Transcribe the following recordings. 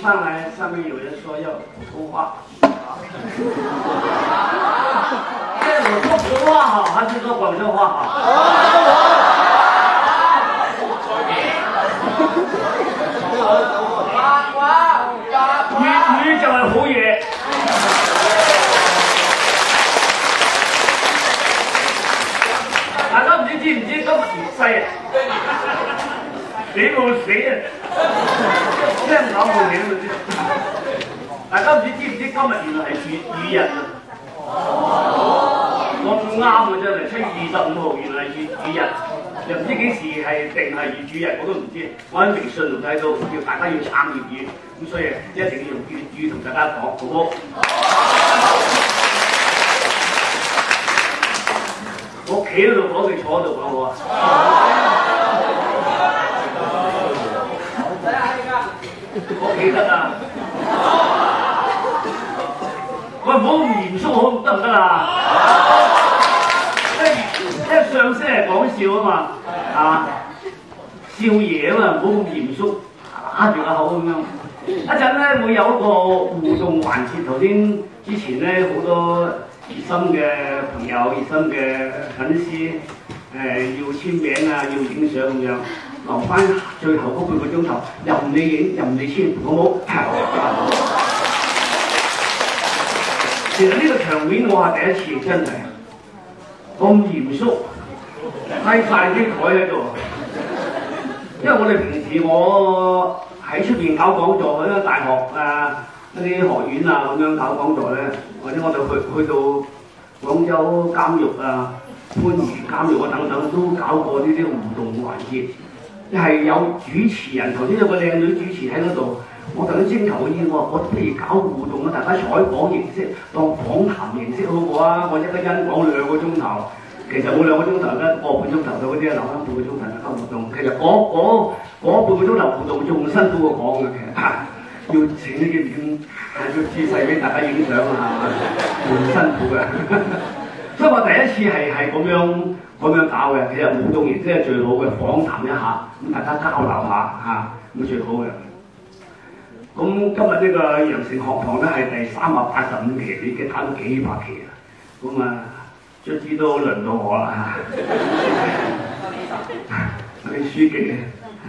上來，上面有人說要普通話，啊，這我說普通話好，還是說廣州話好？廣州話隨便，白話夾粵語就係好嘢。大家唔知知唔知今時世，死冇死啊？我聽唔到，換名嗰啲，大家唔知知唔知今日原來係粵語日啊！講啱嘅啫，七月二十五號原來係粵語日，又唔知幾時係定係粵語日，我都唔知。我喺微信度睇到，叫大家要撐粵語，咁所以一定要用粵語同大家講，好唔好？我企喺度，我哋坐喺度講啊！好。我記得啦， 喂，唔好咁嚴肅得唔得啦？一、一 相聲係講笑啊嘛，係、啊、嘛？笑爺啊嘛，唔好咁嚴肅，打住個口咁樣。 一陣咧會有一個互動環節，頭先之前咧好多熱心嘅朋友、熱心嘅粉絲誒，要簽名啊，要影相咁樣。留翻最後嗰半個鐘頭，任你影，任你簽，好冇？ 其實呢個場面我係第一次，真係咁嚴肅，曬啲台喺度。因為我哋平時我喺出邊搞講座，嗰啲大學啊、嗰啲學院啊咁樣、啊、搞講座咧，或者我哋去去到廣州監獄啊、番禺監獄啊等等，都搞過呢啲互動環節。係有主持人，頭先有個靚女主持喺嗰度。我特登徵求意見，我話我不如搞互動啊，大家採訪形式，當講談形式好過啊。我一個人講兩個鐘頭，其實冇兩個鐘頭啦，哦、半鐘頭個半鐘頭到嗰啲啊，留翻半個鐘頭啊，搞活動。其實我我我半個鐘頭互動仲辛苦過講啊。其實啊，要請啲嘅影，攤出姿勢俾大家影相啊，仲辛苦嘅。 因我第一次係係咁樣咁樣搞嘅，其實互動形式係最好嘅，訪談一下咁大家交流下嚇，咁、啊、最好嘅。咁今日呢個羊城學堂咧，係第三百八十五期，已經打到幾百期啦，咁啊，終於都輪到我啦嚇。嗰、啊、啲書記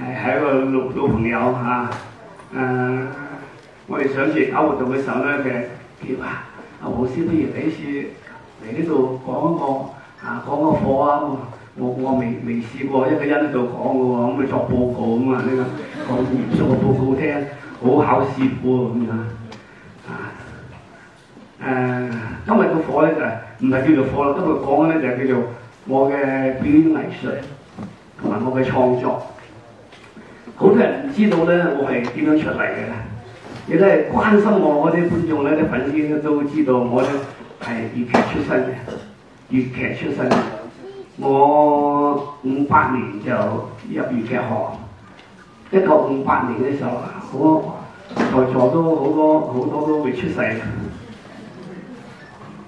係一個老老朋友嚇，誒、啊，我哋上次搞活動嘅時候咧，佢話阿黃師不如一次。嚟呢度講一個啊講個課啊，我我未未試過一個人喺度講嘅喎，咁、嗯、去作報告咁、這個、啊，講完做個報告聽，好考師傅咁樣啊。誒、啊，今日個課咧就唔、係、係叫做課啦，今日講咧就係叫做我嘅表演藝術同埋我嘅創作。好多人唔知道咧，我係點樣出嚟嘅。亦都係關心我嗰啲觀眾咧，啲粉絲咧都知道我咧。係粵劇出身嘅，粵劇出身嘅。我五八年就入粵劇行，一九五八年嘅時候，我在座都好多好多都未出世。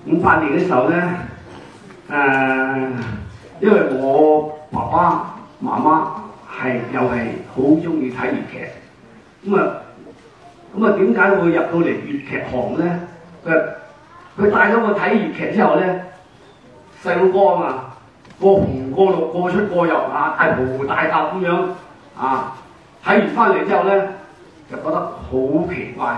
五八年嘅時候咧，誒、呃，因為我爸爸媽媽係又係好中意睇粵劇，咁啊，咁啊點解會入到嚟粵劇行咧？佢佢帶咗我睇粵劇之後咧，細佬哥嘛紅路啊，過紅過路過出過入啊，大模大達咁樣啊！睇完翻嚟之後咧，就覺得好奇怪，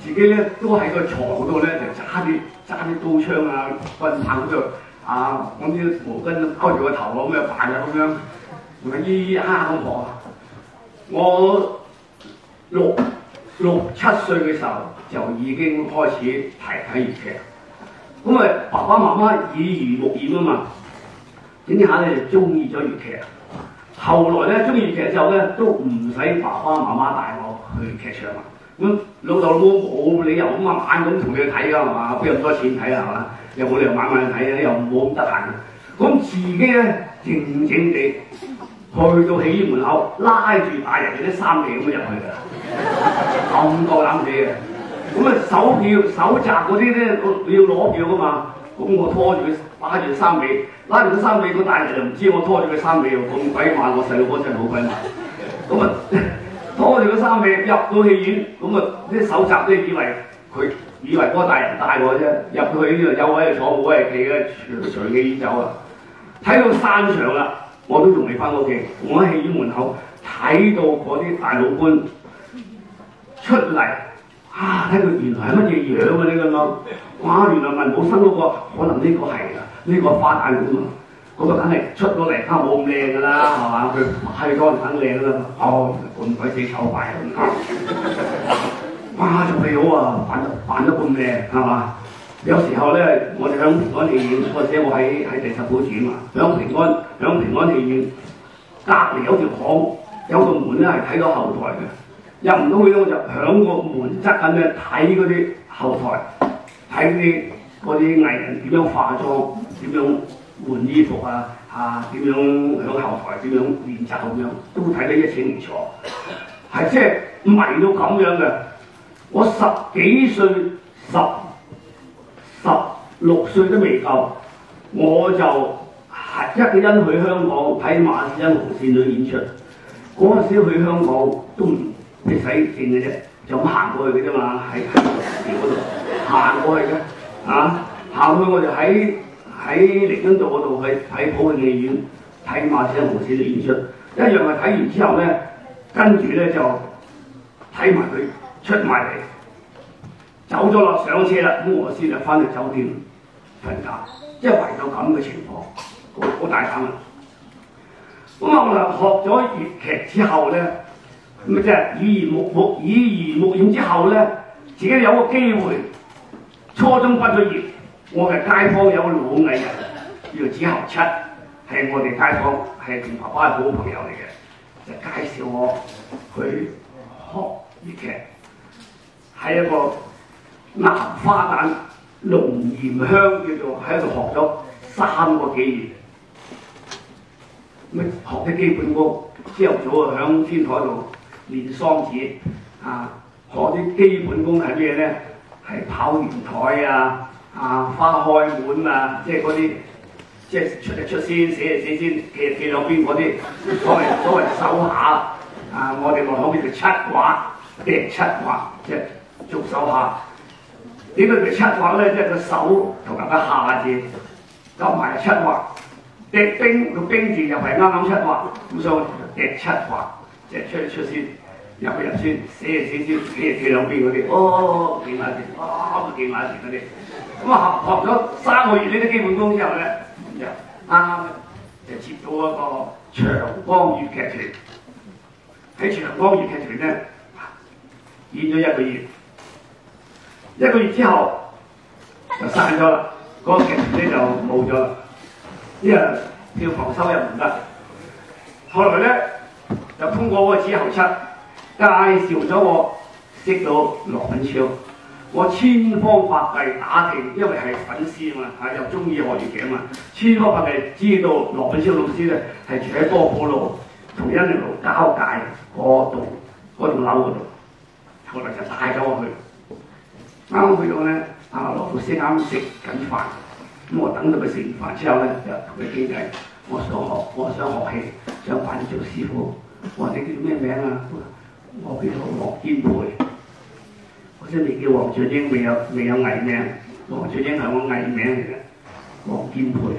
自己咧都喺個床度咧就揸啲揸啲刀槍啊，棍棒嗰度啊，啲毛巾包住個頭咁樣扮啊咁樣，咿咿哈咁講。我六六七歲嘅時候就已經開始睇睇粵劇。咁啊，爸爸媽媽耳濡目染啊嘛，整下咧就中意咗粵劇。後來咧中意粵劇之後咧，都唔使爸爸媽媽帶我去劇場。咁老豆老母冇理由咁猛咁同你去睇㗎係嘛？俾咁多錢睇係嘛？又冇理由晚晚睇啊？又冇咁得閒。咁自己咧靜靜地去到戲院門口，拉住大人嗰啲衫嚟咁樣入去㗎，咁夠膽啲嘅。咁啊，手票手摘嗰啲咧，我你要攞票㗎嘛？咁我拖住佢拉住佢衫尾，拉住佢衫尾，個大人就唔知我拖住佢衫尾喎。咁鬼慢，我細佬哥真係好鬼慢。咁啊，拖住佢衫尾入到戲院，咁啊啲手摘都以為佢以為嗰個大人帶我啫。入到去啊，有位就坐，冇位就企啦。上戲院走啊，睇到散場啦，我都仲未返屋企。我喺戲院門口睇到嗰啲大老官出嚟。啊！睇佢原來係乜嘢樣啊？呢、這個咯，哇！原來文武生嗰個，可能呢個係啦，呢、這個花旦咁啊，嗰、那個梗係出咗嚟都冇咁靚噶啦，係嘛？佢拍嘅當然肯靚啦，哦，咁鬼死醜怪啊！哇！仲屌啊，扮扮得咁靚，係嘛？有時候咧，我哋響平安戲院，或者我喺喺第十甫住嘛，響平安響平安戲院隔離有條巷，有個門咧係睇到後台嘅。入唔到去，我就響個門側咁樣睇嗰啲後台，睇嗰啲嗰啲藝人點樣化妝，點樣換衣服啊，啊，點樣響後台點樣練習咁樣，都睇得一清二楚。係即係迷到咁樣嘅，我十幾歲、十十六歲都未夠，我就一個人去香港睇馬師曾紅線女演出。嗰陣時去香港都唔～你使錢嘅啫，就咁行過去嘅啫嘛，喺喺廟嗰度行過去嘅，啊，行去我哋喺喺彌敦道嗰度去睇普慶戲院睇《馬進紅》嘅演出，一樣係睇完之後咧，跟住咧就睇埋佢出埋嚟，走咗啦，上車啦，咁我先就翻去酒店瞓覺，即係為到咁嘅情況，好，好大膽啊！咁啊，學咗粵劇之後咧。咁咪即係耳濡目耳濡目染之後咧，自己有個機會，初中畢咗業，我嘅街坊有個老藝人叫做李後七，係我哋街坊，係同爸爸嘅好朋友嚟嘅，就介紹我佢學粵劇，喺一個南花旦龍炎香叫做喺度學咗三個幾月，咁啊學啲基本功，朝頭早啊響天台度。練嗓子啊，學啲基本功係咩咧？係跑圓台啊，啊花開門啊，即係嗰啲即係出嚟出先，死一死先，企企兩邊嗰啲所謂所謂手下啊！我哋門口邊嘅七劃趯七劃，即係做手下。點解叫七劃咧？即係個手同埋個下字，攪埋七劃趯兵，個兵字又係啱啱七劃，咁所以趯七劃，即係出嚟出先。入去入先四啊四村，四啊四兩邊嗰啲，哦哦哦，幾萬字，哦幾萬字嗰啲。咁、哦、啊學學咗三個月呢啲、這個、基本功之後咧，就、嗯、啱就接到一個長江粵劇團。喺長江粵劇團咧演咗一個月，一個月之後就散咗啦。嗰、那個劇團咧就冇咗啦，啲人票房收入唔得。後來咧就通過嗰個之後七。介紹咗我識到羅品超，我千方百計打聽，因為係粉絲嘛，嚇、啊、又中意學粵語嘛，千方百計知道羅品超老師咧係住喺波普路同恩寧路交界嗰度嗰棟樓度，後來就帶咗我去。啱啱去到咧，啊，羅老師啱食緊飯，咁我等到佢食完飯之後咧，就同佢傾偈：「我想學，我想學戲，想拜做師傅。我話，你叫咩名啊？我叫做黃堅培，我都未叫黃俊英，未有未有藝名，黃俊英係我藝名嚟嘅，黃堅培。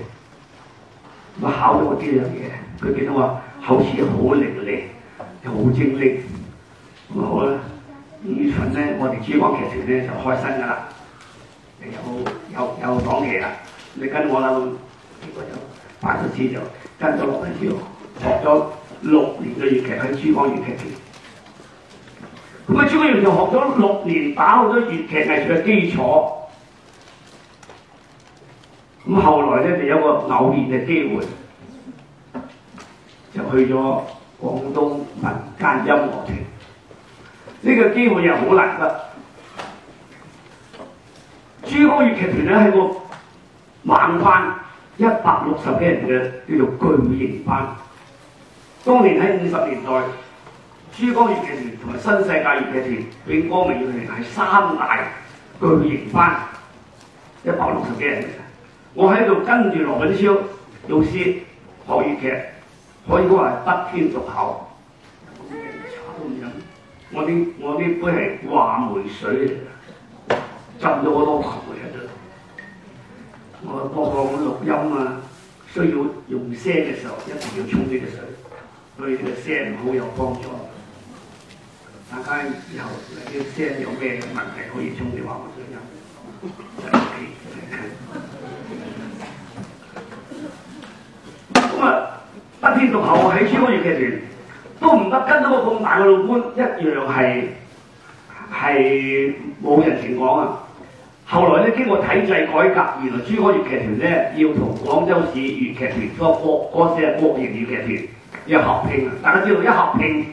我考我到我呢樣嘢，佢見到我口齒好伶俐又好精叻，咁好啦。二月呢，我哋珠江劇團咧就開新噶啦，有有有講嘢啦，你跟我啦，結果就排咗次就跟咗羅品超學咗六年嘅粵劇喺珠江粵劇團。咁啊！珠江粵就學咗六年打好多粵劇藝術嘅基礎，咁後來咧就有個偶然嘅機會，就去咗廣東民間音樂團。呢、這個機會又好難得。珠江粵劇團咧係個猛班，一百六十幾人嘅叫做巨型班。當年喺五十年代。珠江粵劇團同埋新世界粵劇團，永光明粵劇團係三大巨型班，一百六十幾人。我喺度跟住羅品超老師學粵劇，可以講係得天獨厚。我啲茶都唔飲，我啲杯係話梅水，浸咗好多話梅喺度。我播個錄音啊，需要用聲嘅時候一定要沖呢啲水，對你個聲好有幫助。大家以後嚟啲先有咩問題可以沖你話 我知入。咁啊，不偏不後喺珠江粵劇團都唔得跟到個咁大嘅老倌一樣係係冇人情講啊。後來咧經過體制改革，原來珠江粵劇團咧要同廣州市粵劇團個各各些各縣粵劇團要合併啊！大家知道一合併。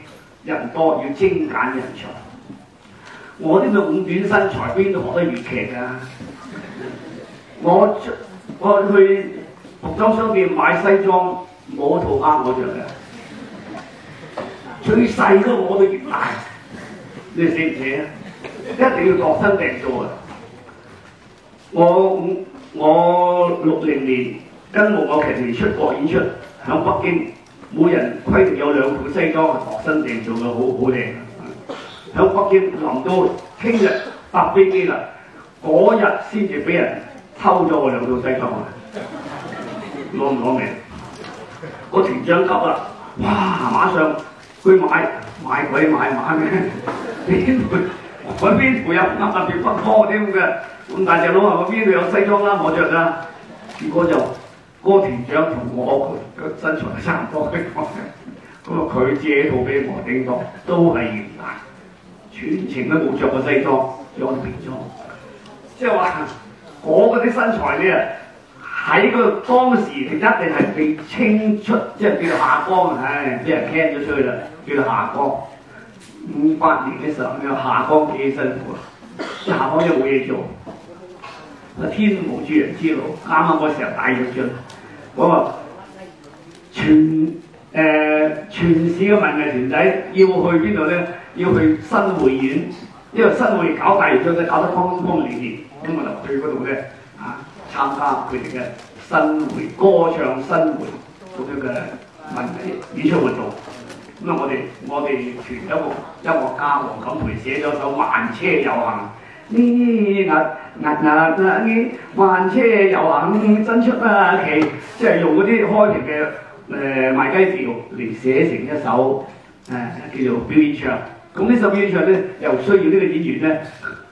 人多要精簡人才，我呢度五短身材邊度學得粵劇啊？我我去服裝商店買西裝，我套啱我着嘅，最細都我對住大，你死唔死啊？一定要度身訂做啊！我我六零年跟孟木劇團出國演出，響北京。每人規定有兩套西裝，量身訂做嘅，好好靚。喺北京北林都，聽日搭飛機啦，嗰日先至俾人偷咗我兩套西裝，攞唔攞命？我團長急啦，哇！馬上去買買鬼買買咩？邊度？我邊度有啱入邊分啲咁嘅？咁大隻佬啊，邊度有西裝啦，我着啊？結果就～個團長同我、個身材差唔多嘅咁啊，佢 借套俾我頂當，都係嚴難，全程都冇着過西裝，着我啲便裝。即係話我嗰啲身材咧，喺個當時一定係被清出，即係叫做下崗。唉、哎，俾人聽咗出去啦，叫做下崗。五八年嘅時候，你話下崗幾辛苦啊？下崗又冇嘢做，天無絕人之路。啱啱嗰時候大躍進。我話、嗯、全誒、呃、全市嘅文藝團體要去邊度咧？要去新會縣，因為新會搞大型唱仔搞得轟轟烈烈，咁我就去嗰度咧啊，參加佢哋嘅新會歌唱新會咁樣嘅文藝演出活動。咁啊，我哋我哋全一個音樂家黃錦培寫咗首《萬車遊行》。呢嗱嗱嗱嗱啲慢車遊行，伸出啊期，即係用嗰啲開平嘅誒賣雞調嚟寫成一首誒叫做表演唱。咁呢首表演唱咧又需要呢個演員咧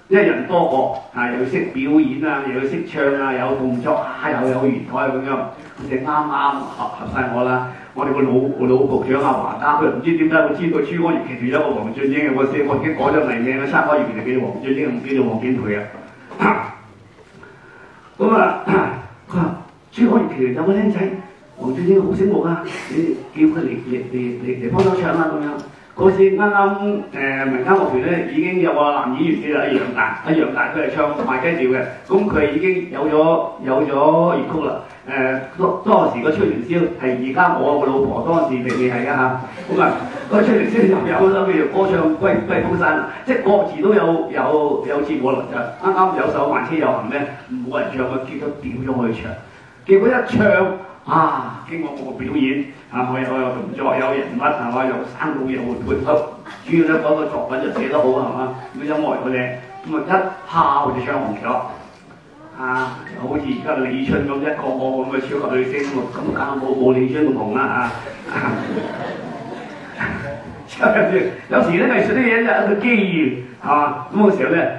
一人多角啊，又要識表演啊，又要識唱啊，有動作啊，又有，有原台咁樣，你啱啱合合晒我啦。我哋個老老局長阿、啊、華家，佢唔知點解，我知個珠江粵劇團有一個黃俊英，我先我已經改咗名名啦，朱開玉就叫做黃俊英，唔叫做黃景培啊。咁啊，佢話珠江粵劇團有個靚仔，黃俊英好醒目啊，你叫佢嚟嚟嚟嚟幫手唱啊。咁樣。嗰時啱啱誒民間樂團咧已經有個男演員叫做阿楊達，阿楊達佢係唱賣雞調嘅，咁佢已經有咗有咗粵曲啦。誒當、呃、當時個吹完招，係而家我個老婆當時平時係噶嚇，咁啊個吹完招又有啦，叫做歌唱歸歸風山，即係各自都有有有節目啦，就啱啱有首慢車遊行咧，冇人唱，我結咗點咗去唱，結果一唱啊，經過我個表演啊，我又我又動作有人物係嘛、啊，有生老有活潑，主要咧嗰個作品就寫得好係嘛，個音樂好靚，咁、嗯、啊一下、啊、就唱紅咗。啊，好似而家李春咁一,一個咁個嘅個個超級巨星喎，咁梗冇冇李春咁紅啦嚇。啊啊、 有時咧藝術啲嘢就係一個機遇嚇，咁嘅時候咧，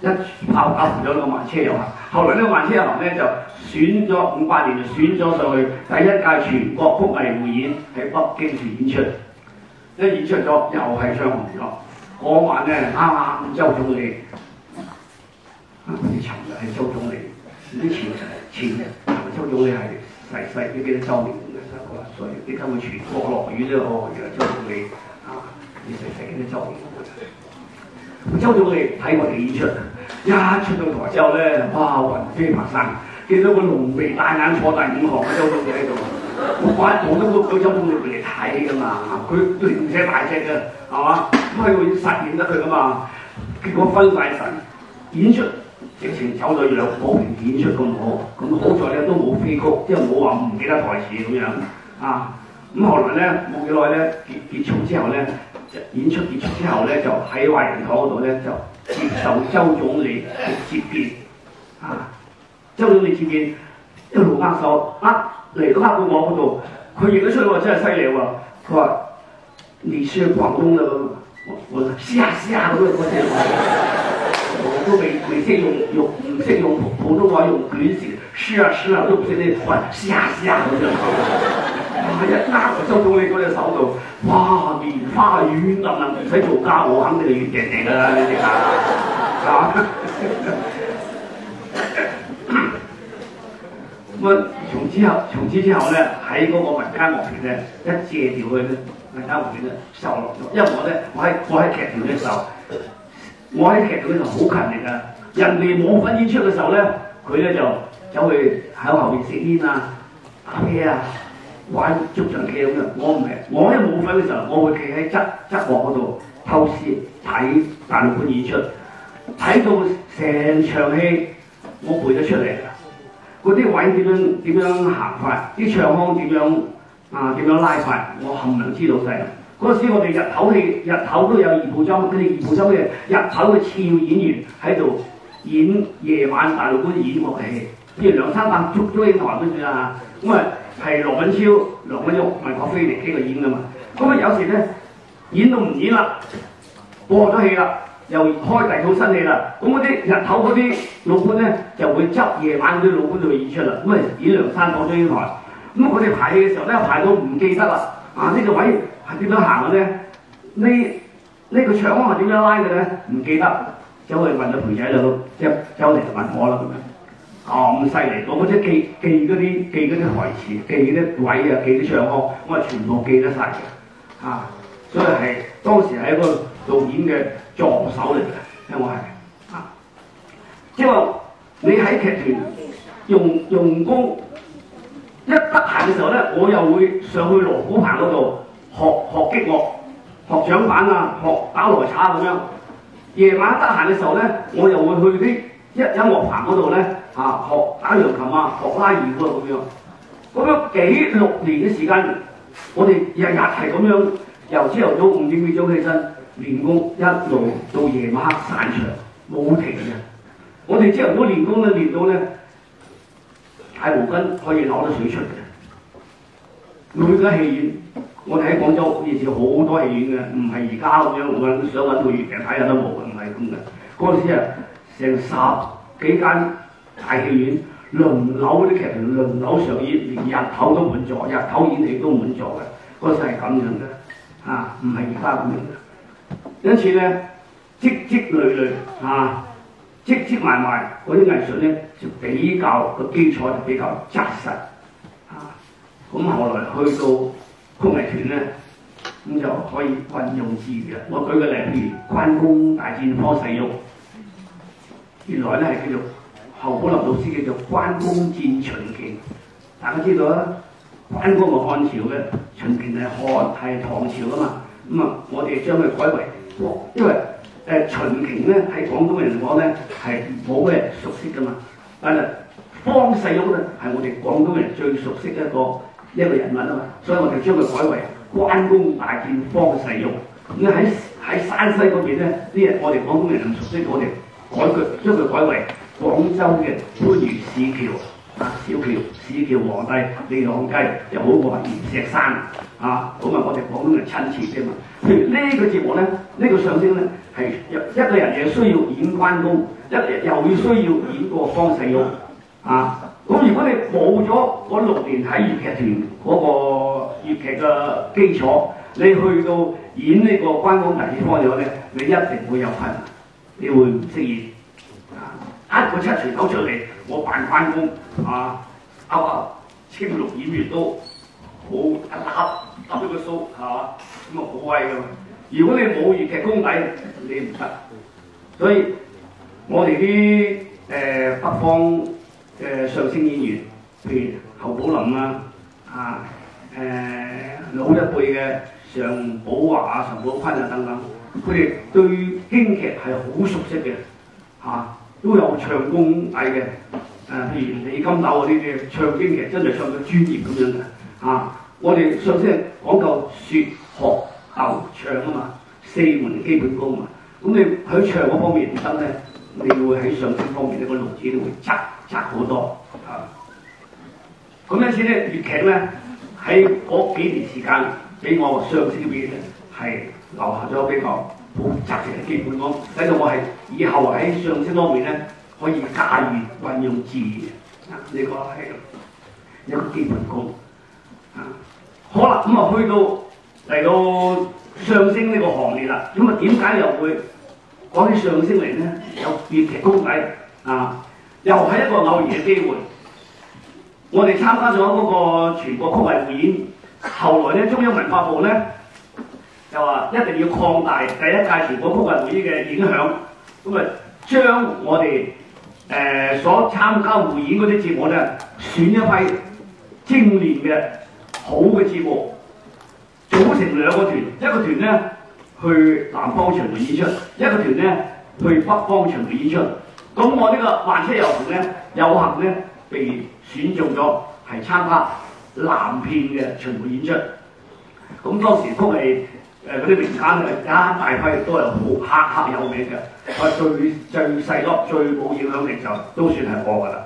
一炮打紅咗個萬車友啊。後來咧萬車友咧就選咗五八年就選咗上去第一屆全國曲藝匯演喺北京度演出，一演出咗又係唱紅咗。嗰、那個、晚咧啱啱周總理，剛剛啊！佢尋日係周總理，啲前前，前周總理係細細啲幾多周年咁樣、啊，所以點解會全國落雨啫哦，原來周總理啊，啲細細幾多周年，周總理睇我哋演出，一、啊、出到台之後咧，哇、啊、雲飛霞散，見到個濃眉大眼坐第五行嘅周總理喺度，我擺台都碌到周總理嚟睇噶嘛，佢唔使大隻嘅，係嘛？咁佢會實現得佢噶嘛？結果分外神演出。直情走咗兩舞台演出咁好，咁好在咧都冇飛曲，即係冇話唔記得台詞咁樣。啊，咁、啊、後來咧冇幾耐咧結結束之後咧，就演出結束之後咧就喺懷仁堂嗰度咧就接受周總理接見。啊，周總理接見一路握手握嚟到握到我嗰度，佢認得出喎，真係犀利喎，佢話你是廣東嘅，我係是啊是啊咁樣。我都未未識用用唔識用普，普通話用捲舌輸啊輸啊都唔識，就不斷地換試啊試啊我就，我一拿咗到你隻手度，哇！棉花軟淋淋，唔使做家務，肯定係軟嘅嚟噶啦，你知啊？係咁啊，啊啊啊 從此後，從此之後咧，喺嗰個民間樂團咧，一借調去民間樂團咧，受落咗，因為我咧，我喺我喺劇團嘅時候。我喺劇度嗰陣好勤力啊！人哋冇份演出嘅時候咧，佢咧就走去喺後邊食煙啊、打啤啊、玩捉象棋咁樣。我唔係，我喺冇份嘅時候，我會企喺側側幕嗰度偷師睇大陸本演出，睇到成場戲我背咗出嚟，嗰啲位點樣點樣快行法，啲唱腔點樣啊點樣拉法，我冚唪唥知道曬，就是。嗰陣時，我哋日頭戲日頭都有二部裝，嗰啲二部裝嘅日頭嘅次要演員喺度演夜晚大老倌演嗰啲戲，比如梁山伯捉咗英台咁樣啊，咁啊係羅品超、梁品玉咪攞飛嚟呢度演噶嘛，咁啊有時咧演到唔演啦，過咗戲啦，又開第二套新戲啦，咁嗰啲日頭嗰啲老倌咧就會執夜晚嗰啲老倌嚟演出嚟，咁啊演梁山伯捉咗英台，咁佢哋排戲嘅時候咧排到唔記得啦，啊呢、那個位，係點樣行嘅咧？呢、這個、呢個唱腔係點樣拉嘅咧？唔記得，走去問咗培仔就即係走去問我啦咁樣。咁犀利，我嗰啲記記嗰啲記嗰啲台詞，記啲位啊，記啲唱腔，我係全部記得晒嘅。啊，所以係當時係一個導演嘅助手嚟嘅，因為啊，因為你喺劇團用用功，一得閒嘅時候咧，我又會上去鑼鼓棚嗰度。學學擊樂、學掌板學啊、學打羅叉咁樣。夜晚得閒嘅時候咧，我又會去啲音音樂棚嗰度咧嚇學打揚琴啊、學拉二胡咁樣。咁樣幾六年嘅時間，我哋日日係咁樣，由朝頭早五點幾鐘起身練功，一路到夜晚黑散場冇停嘅。我哋朝頭早練功都練到咧，大毛巾可以攞得水出嘅。每個戲院。我哋喺廣州好似好多戲院嘅，唔係而家咁樣嘅，想揾套粵劇睇下都冇嘅，唔係咁嘅。嗰陣時啊，成十幾間大戲院輪流啲劇團輪流上演，連日頭都滿座，日頭演戲都滿座嘅。嗰陣係咁樣嘅，啊，唔係而家咁樣。因此咧，積積累累啊，積積埋埋嗰啲藝術咧就比較個基礎就比較紮實啊。咁後來去到。曲藝團咧，咁就可以運用自如啦。我舉個例，譬如關公大戰方世玉，原來咧係叫做侯寶林老師叫做關公戰秦瓊。大家知道啦，關公係漢朝嘅，秦瓊係漢係唐朝噶嘛。咁啊，我哋將佢改為，因為誒、呃、秦瓊咧喺廣東人嚟講咧係冇咩熟悉噶嘛。但係方世玉咧係我哋廣東人最熟悉嘅一個。呢一個人物啊嘛，所以我哋將佢改為關公大戰方世玉。咁喺喺山西嗰邊咧，呢日我哋廣東人唔熟悉嗰條改佢，將佢改為廣州嘅番禺市橋啊，小橋市橋皇帝李朗雞又好過係石山啊，咁啊我哋廣東人親切啲嘛。譬如個節呢、呢個節目咧，呢個相聲咧係一一個人嘅需要演關公，一又要需要演個方世玉啊。咁如果你冇咗嗰六年喺粵劇團嗰個粵劇嘅基礎，你去到演呢個關公危方嘅話咧，你一定會有困難，你會唔適應。啊，一個七垂九出嚟，我扮關公，啊，嚇啊，青綠演員都好一攬搭咗個鬚，係、啊、嘛，咁啊好威㗎嘛。如果你冇粵劇功底，你唔得。所以，我哋啲誒北方。嘅、呃、相聲演員，譬如侯寶林啊，啊，誒、呃、老一輩嘅常寶華寶啊、常寶坤啊等等，佢哋對京劇係好熟悉嘅，嚇、啊、都有唱功底嘅。誒、啊，譬如李金斗嗰啲唱京劇，真係唱到專業咁樣嘅。啊，我哋相聲講究説學逗唱啊嘛，四門基本功嘛啊，咁你喺唱嗰方面唔得咧。你會喺相，相，相聲方面呢個路子都會窄窄好多啊！咁因此咧，粵劇咧喺嗰幾年時間俾我相聲嘅表演咧，係留下咗比較好紮嘅基本功，使到我係以後喺相聲方面咧可以駕馭運用自然。你講係一個基本功啊！好啦，咁、嗯、啊去到嚟到相聲呢個行列啦，咁啊點解又會？講起上星期呢，有粵劇功底啊，又係一個偶然嘅機會。我哋參加咗嗰個全國曲藝匯演，後來咧中央文化部咧就話一定要擴大第一屆全國曲藝匯演嘅影響，咁啊將我哋誒所參加匯演嗰啲節目咧選一批精練嘅好嘅節目，組成兩個團，一個團咧，去南方巡迴演出，一個團呢，去北方巡迴演出，咁我呢個萬車遊行呢，有幸呢，被選中咗係參加南片嘅巡迴演出。咁當時曲藝誒嗰啲名家咧，而、啊、家大批都係好黑黑有名嘅，我最最細粒，最冇影響力就都算係我噶啦，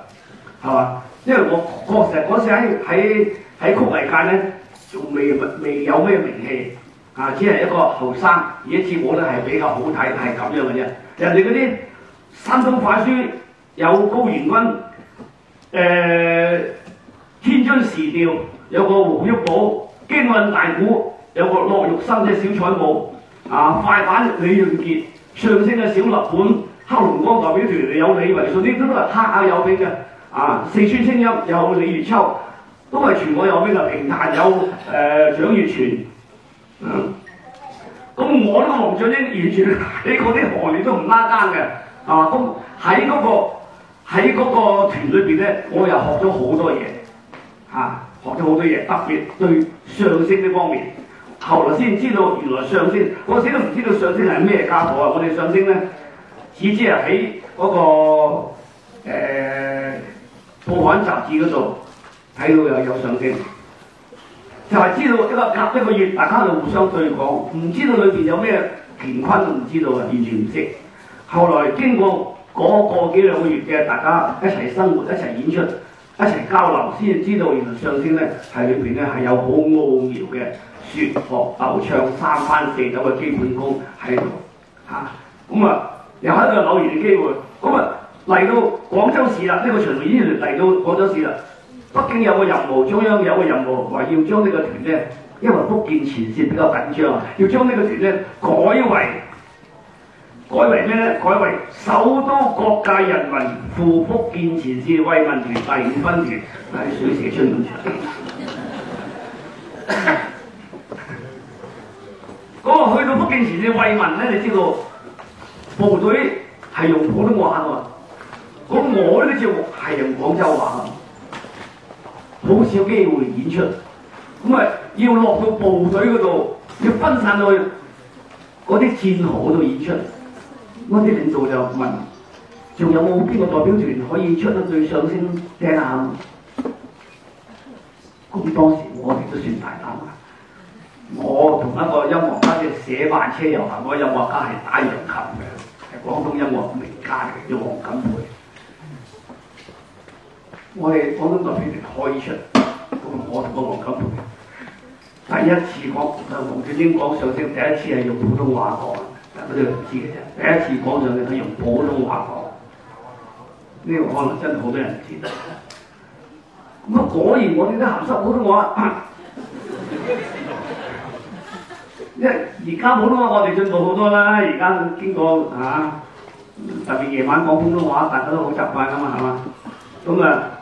係嘛？因為我我確實嗰時喺喺喺曲藝界呢，仲未未有咩名氣。啊！只係一個後生，而且節目咧係比較好睇，係咁樣嘅啫。人哋啲山東快書有高元鈞，誒、呃、天津時調有個黃玉寶，京韻大鼓有個駱玉笙嘅小彩舞，啊快板李潤杰相聲嘅小立本，黑龍江代表團有李維順，呢啲都係嚇下有名嘅。啊，四川清音有李月秋，都係全國有名嘅。評彈有誒蔣、呃、月泉。嗯，咁我呢個黃俊英咧，完全喺個啲學歷都唔拉更嘅，啊，咁喺嗰個喺嗰個團裏邊咧，我又學咗好多嘢，嚇、啊，學咗好多嘢，特別對相聲呢方面，後來先知道原來相聲，我死都唔知道相聲係咩傢伙啊！我哋相聲咧，只知係喺嗰個誒、欸、報刊雜誌嗰度睇到又有，有相聲。就係知道一個隔一個月，大家就互相對講，唔知道裏邊有咩乾坤都唔知道啊，完全唔識。後來經過嗰個幾兩個月嘅大家一齊生活、一齊演出、一齊交流，先至知道原來相聲咧係裏邊咧係有好奧妙嘅，説、哦、學逗唱三翻四抖嘅基本功喺度嚇。咁啊，又係一個偶然嘅機會，咁啊嚟到廣州市啦，呢、這個巡演已經嚟到廣州市啦。北京有個任務，中央有個任務，話要將呢個團呢，因為福建前線比較緊張，要將呢個團呢，改為改為咩呢？改為首都各界人民赴福建前線慰問團第五分團。睇書寫出嚟。嗰、嗯、個去到福建前線慰問呢，你知道部隊係用普通話喎，咁我呢個節目係用廣州話。好少機會演出，咁啊要落到部隊嗰度，要分散去嗰啲戰壕度演出。嗰啲領導就問：仲有冇邊個代表團可以出得最上先聽下？咁當時我哋都算大膽嘅。我同一個音樂家即寫、就是、辦車遊行，我音樂家係打洋琴嘅，係廣東音樂名家嘅叫黃錦培。我哋我喺個片嚟開出，咁我同個黃金同第，第，第一次講，啊黃俊英講相聲，第一次係用普通話講，大家唔知嘅啫。第一次講相聲係用普通話講，呢個可能真係好多人唔知。咁啊，果然我哋都鹹濕普通話，因為而家普通話我哋進步好多啦。而家經過嚇、啊、特別夜晚講普通話，大家都好習慣噶嘛，係嘛？咁啊～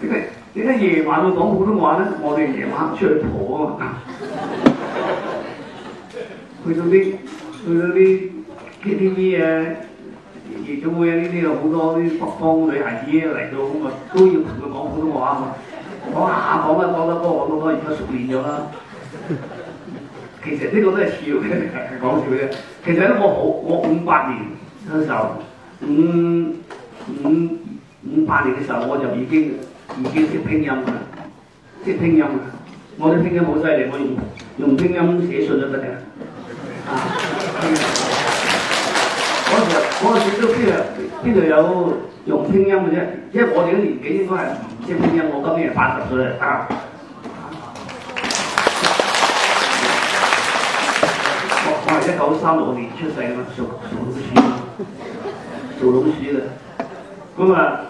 點解點解夜晚要講普通話呢？我哋夜晚出去蒲啊嘛，去到啲去到啲 K T V 啊、夜總會啊呢啲，有好多啲北方女孩子嚟到咁啊，都要同佢講普通話啊嘛，哇講乜講得多，講得多，而家熟練咗啦。其實，其實呢個都係笑嘅，係講笑嘅。其實咧，我好我五八年嘅時候，五五五八年嘅時候，我就已經已經識拼音噶啦，識拼音啦。我啲拼音好犀利，我用用拼音寫信都得嘅。啊、嗯！嗰 時候嗰陣時都邊度邊度有用拼音嘅啫，因為我哋啲年紀應該係唔識拼音，我今年係八十歲啊。一九三六年出世嘅嘛，做老鼠，做老鼠啦。咁啊，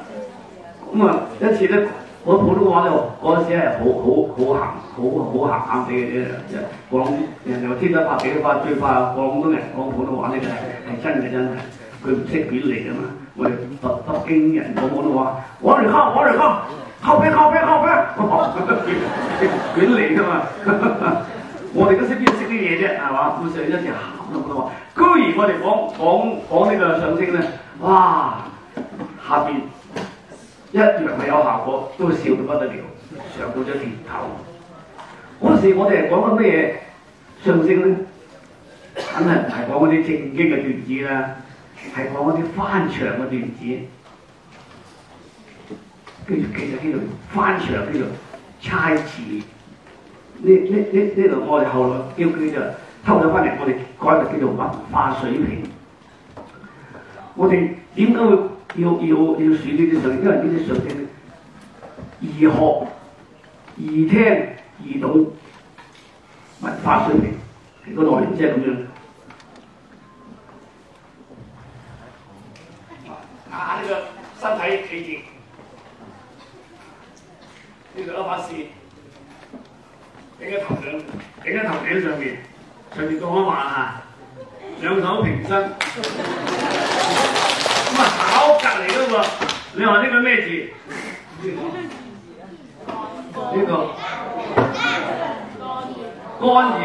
咁啊，一次咧，講普通話咧，嗰陣時係好好好行，好好行行地嘅啫。講人哋話千幾百幾百最快廣東人講普通話咧，係真嘅，真係。佢唔識捲嚟啊嘛，我哋北北京人講普通話，往嚟敲，往嚟敲，敲邊，敲邊，敲邊，捲嚟啊嘛。我哋都識捲。啲嘢啫係嘛，咁成日一直喊啦，咁啊，居然我哋講講講呢個相聲咧，哇，下邊一樣係有效果，都笑到不得了，上到咗年頭，嗰時我哋係講緊咩嘢相聲咧，梗係唔係講嗰啲正經嘅段子啦？係講嗰啲翻場嘅段子，跟住其實呢度，翻場呢度，猜字。呢呢呢呢度我哋後來叫佢就偷咗翻嚟，我哋改就叫做文化水平。我哋點解要要要選呢啲嘢？因為呢啲嘢易學、易聽、易懂，文化水平、個內容即係咁樣。打呢、啊這個三體奇異，呢、這個二八四。頂喺頭頂，頂喺頭頂上邊，上邊講話啊！兩手平伸，咁啊，口隔離嗰個，你話呢個咩字？呢個乾字，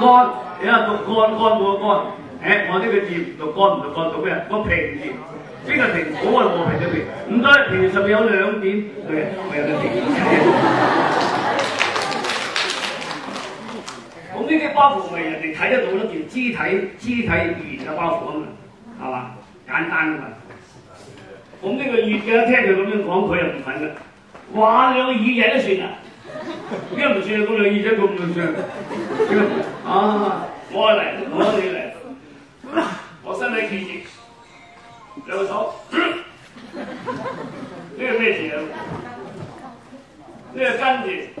乾，你啊讀乾乾冇乾？誒，我呢個字讀乾唔讀乾？讀咩，個平字，呢個平，好啊，平對平。唔該，平上邊有兩點，對嘅，咪有兩點。呢啲包袱咪人哋睇得到咯，叫肢體肢體語言嘅包袱啊嘛，係、嗯、嘛？ 簡單㗎嘛。咁、嗯、呢、呢個月嘅一聽佢咁樣講，佢又唔肯啦。話兩耳人算你算都，人都算啊，一唔算啊，嗰兩耳仔咁唔算。啊，我嚟，我嚟、啊，我身體健健，兩手，呢係咩字啊？呢係跟住。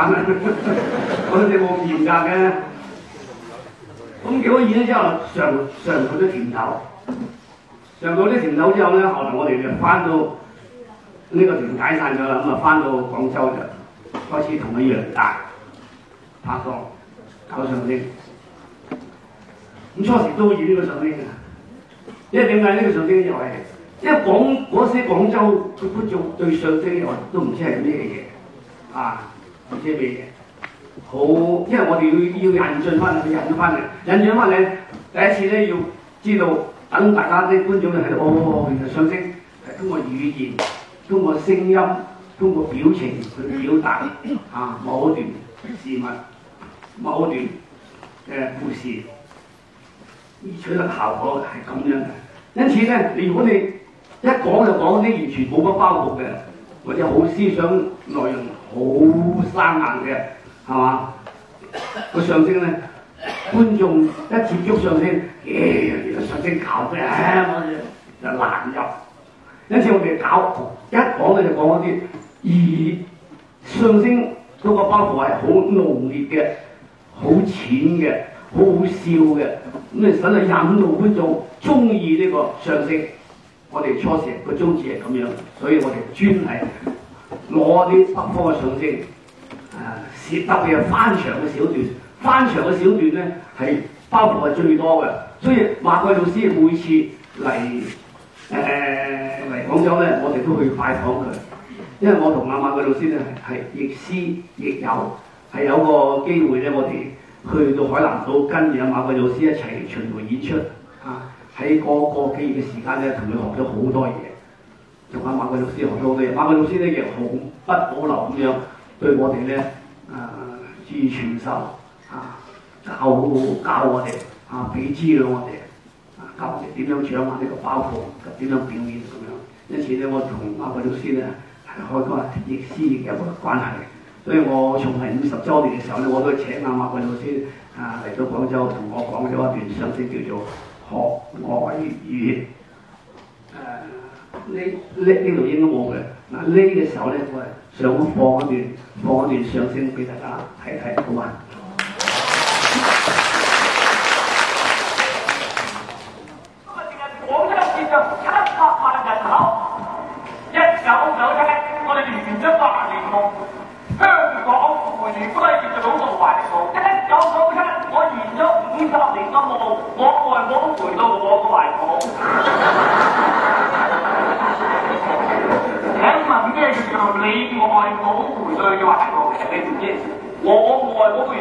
我哋冇嚴格嘅，咁幾多演之後，嘗嘗到啲甜頭，嘗到啲甜頭之後咧，後嚟我哋就翻到呢個團解散咗啦，咁啊翻到廣州就開始同佢楊達拍檔搞相聲，咁初時都演個相聲嘅，因為點解呢個相聲又係，因為廣嗰時廣州佢嗰啲觀眾對相聲又都唔知係咩嘢啊。唔知好，因為我哋要要引進翻，去引翻嚟，引進翻嚟。第一次咧，要知道等大家啲觀眾咧睇到，哦，原來相聲係通過語言、通過聲音、通過表情去表達啊某段事物、某段嘅故事而取得效果係咁樣嘅。因此咧，如果你一講就講啲完全冇乜包袱嘅或者好思想內容。好生硬嘅，係嘛？個相聲咧，觀眾一接觸相聲，耶！個相聲搞咩就難入。因此我哋搞一講咧就講嗰啲二，相聲嗰個包袱係好濃烈嘅，好淺嘅，好好笑嘅。咁你使去引導觀眾中意呢個相聲，我哋初時個宗旨係咁樣，所以我哋專係。攞啲北方嘅相聲，啊，特別係翻牆嘅小段，翻牆嘅小段咧係包袱係最多嘅，所以馬貴老師每次嚟，誒嚟廣州咧，我哋都去拜訪佢，因為我同阿馬貴老師咧係亦師亦友，係有個機會咧，我哋去到海南島跟住阿馬貴老師一齊巡迴演出，啊，喺個個幾嘅時間咧，同佢學咗好多嘢。同阿馬季老師學咗好多嘢，馬季老師咧亦毫不保留咁樣對我哋咧啊，注意傳授啊，教教我哋啊，俾知我哋啊，教我哋點樣掌握呢個包袱，點樣表演咁樣。因此咧，我同阿馬季老師咧係開個亦師亦友嘅關係。所以我從係五十週年嘅時候咧，我都請阿馬季老師啊嚟到廣州，同我講咗一段相聲，叫做學外語。呢呢呢度應該冇嘅，嗱呢嘅時候咧，我想放一段，放一段相聲俾大家睇睇，好嘛？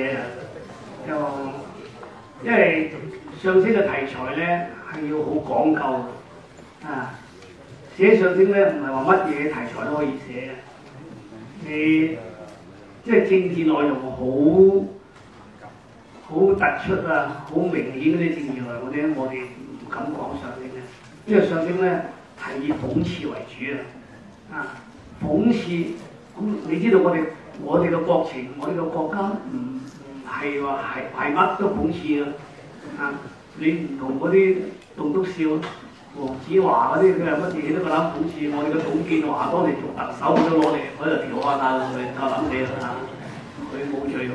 嘢就，因為相聲嘅題材咧係要好講究啊！寫相聲咧唔係話乜嘢題材都可以寫啊！你即係政治內容好好突出啊、好明顯嗰啲政治內容咧，我哋唔敢講相聲嘅，因為相聲咧係以諷刺為主啊！啊，諷刺咁，你知道我哋我哋嘅國情，我哋嘅國家唔～係話係係乜都諷刺啊，啊！你唔同嗰啲棟篤笑，黃子華嗰啲，佢係乜嘢都個膽諷刺。我哋個董建華，當年做特首都攞嚟，我喺度調翻曬佢，又諗你啦嚇，佢冇罪、啊。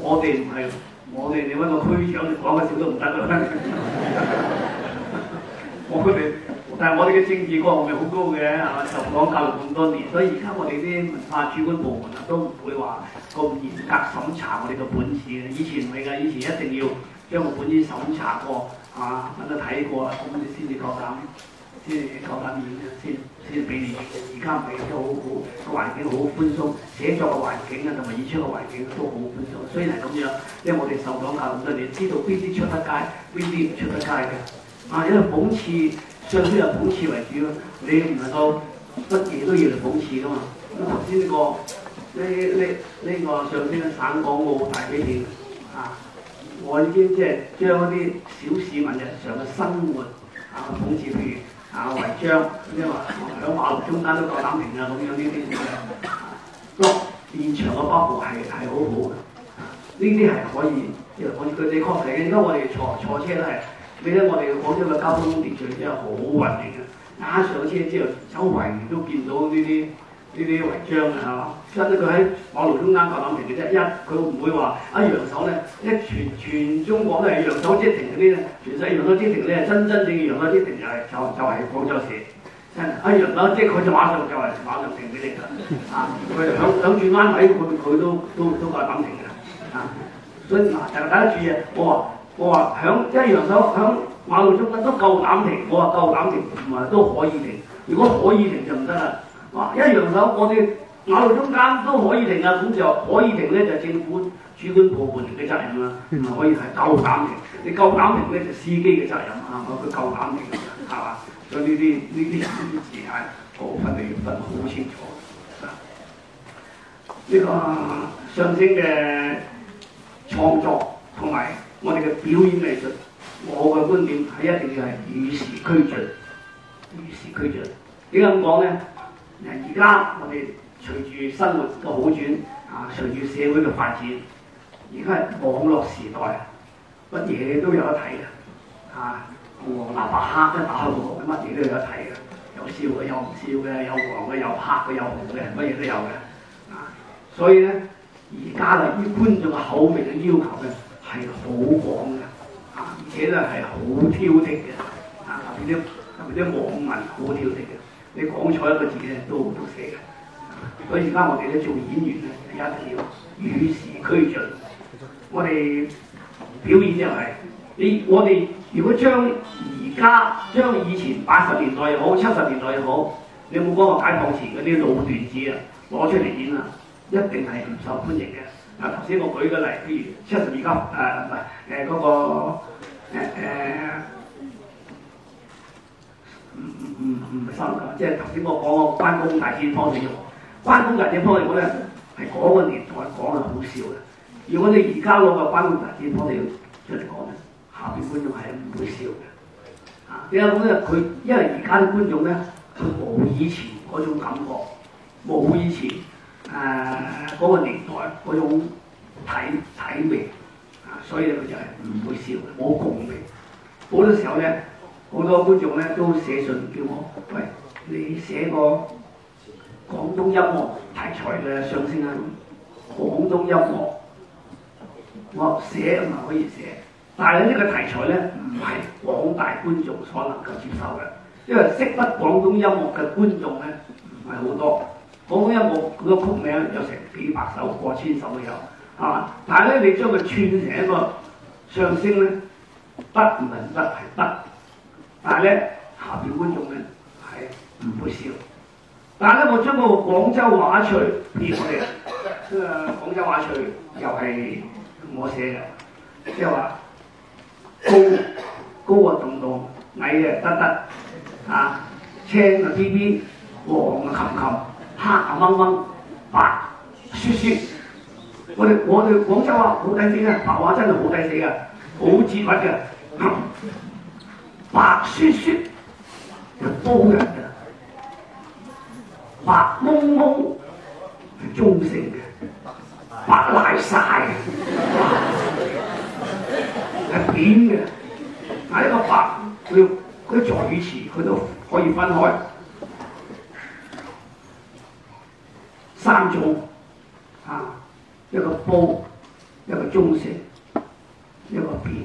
我哋唔係，我哋你揾個區長講個笑都唔得啦。我區長。 但係我哋嘅政治光係好高嘅，係、啊、嘛？受講教育咁多年，所以而家我哋啲文化主管部門啊，都唔會話咁嚴格審查我哋嘅本子嘅。以前唔係㗎，以前一定要將個本子審查過，啊，揾佢睇過啊，咁你先至夠膽，先至夠膽要先先俾你。而家唔係，都好好個環境好寬鬆，寫作嘅環境啊，同埋演出嘅環境都好寬鬆。雖然係咁樣，因為我哋受講教育咁多年，知道邊啲出得街，邊啲唔出得街嘅。嗱、啊，因為每次。上次係諷刺為主咯，你唔能夠乜嘢都要嚟諷刺噶嘛。咁頭先呢個呢呢呢個上次嘅省港澳大區線啊，我已經即係將一啲小市民日常嘅生活啊，諷刺，譬如啊違章，因為響馬路中間都夠膽停啊咁樣呢啲嘅，咯現場嘅包袱係係好好嘅，呢啲係可以，因為我哋確實應該，因為我哋坐坐車都係。你睇我哋嘅廣州嘅交通秩序真係好混亂啊！啱上車之後，周圍都見到呢啲呢啲違章係嘛，真係佢喺馬路中間格擰停嘅啫。一佢唔會話一揚手咧，一全全中國都係揚手即停嗰啲咧，全世界揚手即停咧，真真正嘅揚手即停就係、係、就係、就係廣州市真。一、啊、揚手即佢就係、馬上就係馬上停俾你㗎啊！佢就想想轉彎位，佢佢都都都夠膽停㗎啦啊！所以嗱，大家注意哇！我我話響一揚手都響馬路中間都夠膽停，我話夠膽停，唔係都可以停。如果可以停就唔得啦。話一揚手，我哋馬路中間都可以停啊，咁就可以停咧，就政府主管部門嘅責任啦。可、嗯、以係夠膽停，你夠膽停咧就司機嘅責任啊嘛，佢夠膽停，係嘛？所以呢啲呢啲字眼，我分別分好清楚。呢、這個上升嘅創作同埋。我哋嘅表演藝術，我嘅觀點係一定要係與時俱進，與時俱進。點解咁講咧？而家我哋隨住生活嘅好轉啊，隨住社會嘅發展，而家係網絡時代，乜嘢都有得睇啊！黃、藍、白、黑都打開個網，乜嘢都有得睇嘅，有笑嘅，有唔笑嘅，有黃嘅，有黑嘅，有紅嘅，乜嘢都有嘅啊！所以咧，而家就依觀眾嘅口味嘅要求咧。係好講嘅，啊！而且咧係好挑剔嘅，啊！特別啲特別啲網民好挑剔嘅，你講錯一個字咧都唔死嘅。所以而家我哋咧做演員咧一定要與時俱進，我哋表演就係、是、你，我哋如果將而家將以前八十年代又好，七十年代又好，你有冇幫我解放前啲老段子啊攞出嚟演啊？一定係唔受歡迎嘅。頭先我舉個例，譬如七十二家，誒唔係誒嗰個誒唔唔唔新嘅，即係頭先我講個關公大戰方世玉。關公大戰方世玉咧係嗰個年代講就好笑嘅。如果你而家攞個關公大戰方世玉出嚟講咧，下邊觀眾係唔會笑嘅。啊，點解咁咧？佢因為而家啲觀眾咧，佢冇以前嗰種感覺，冇以前。誒嗰、呃那個年代嗰種體味，啊，所以佢就係唔會笑，冇共鳴。好多時候咧，好多觀眾咧都寫信叫我，喂，你寫個廣東音樂題材嘅相聲啊，廣東音樂，我寫咪可以寫，但係呢、這個題材咧唔係廣大觀眾所能夠接受嘅，因為識得廣東音樂嘅觀眾咧唔係好多。廣東音樂嗰個曲名有成幾百首，過千首都有，嚇、啊！但係咧，你將佢串成一個相聲咧，得唔得？係得，但係咧下邊觀眾咧係唔會笑。但係咧，我將個廣州話趣編嘅，咁啊、呃、廣州話趣又係我寫嘅，即係話高高啊咚咚，矮嘅得得，嚇、啊，青啊 B B，黃啊琴琴。黑掹掹，白雪雪，我哋我哋廣州話，好抵死嘅白話真係好抵死嘅，好折屈嘅。白雪雪係多人嘅，白蒙蒙，係中性嘅，白賴晒。係 扁嘅，嗱呢個白佢嗰啲助語詞佢都可以分開。三種啊，一個煲，一個中式，一個片。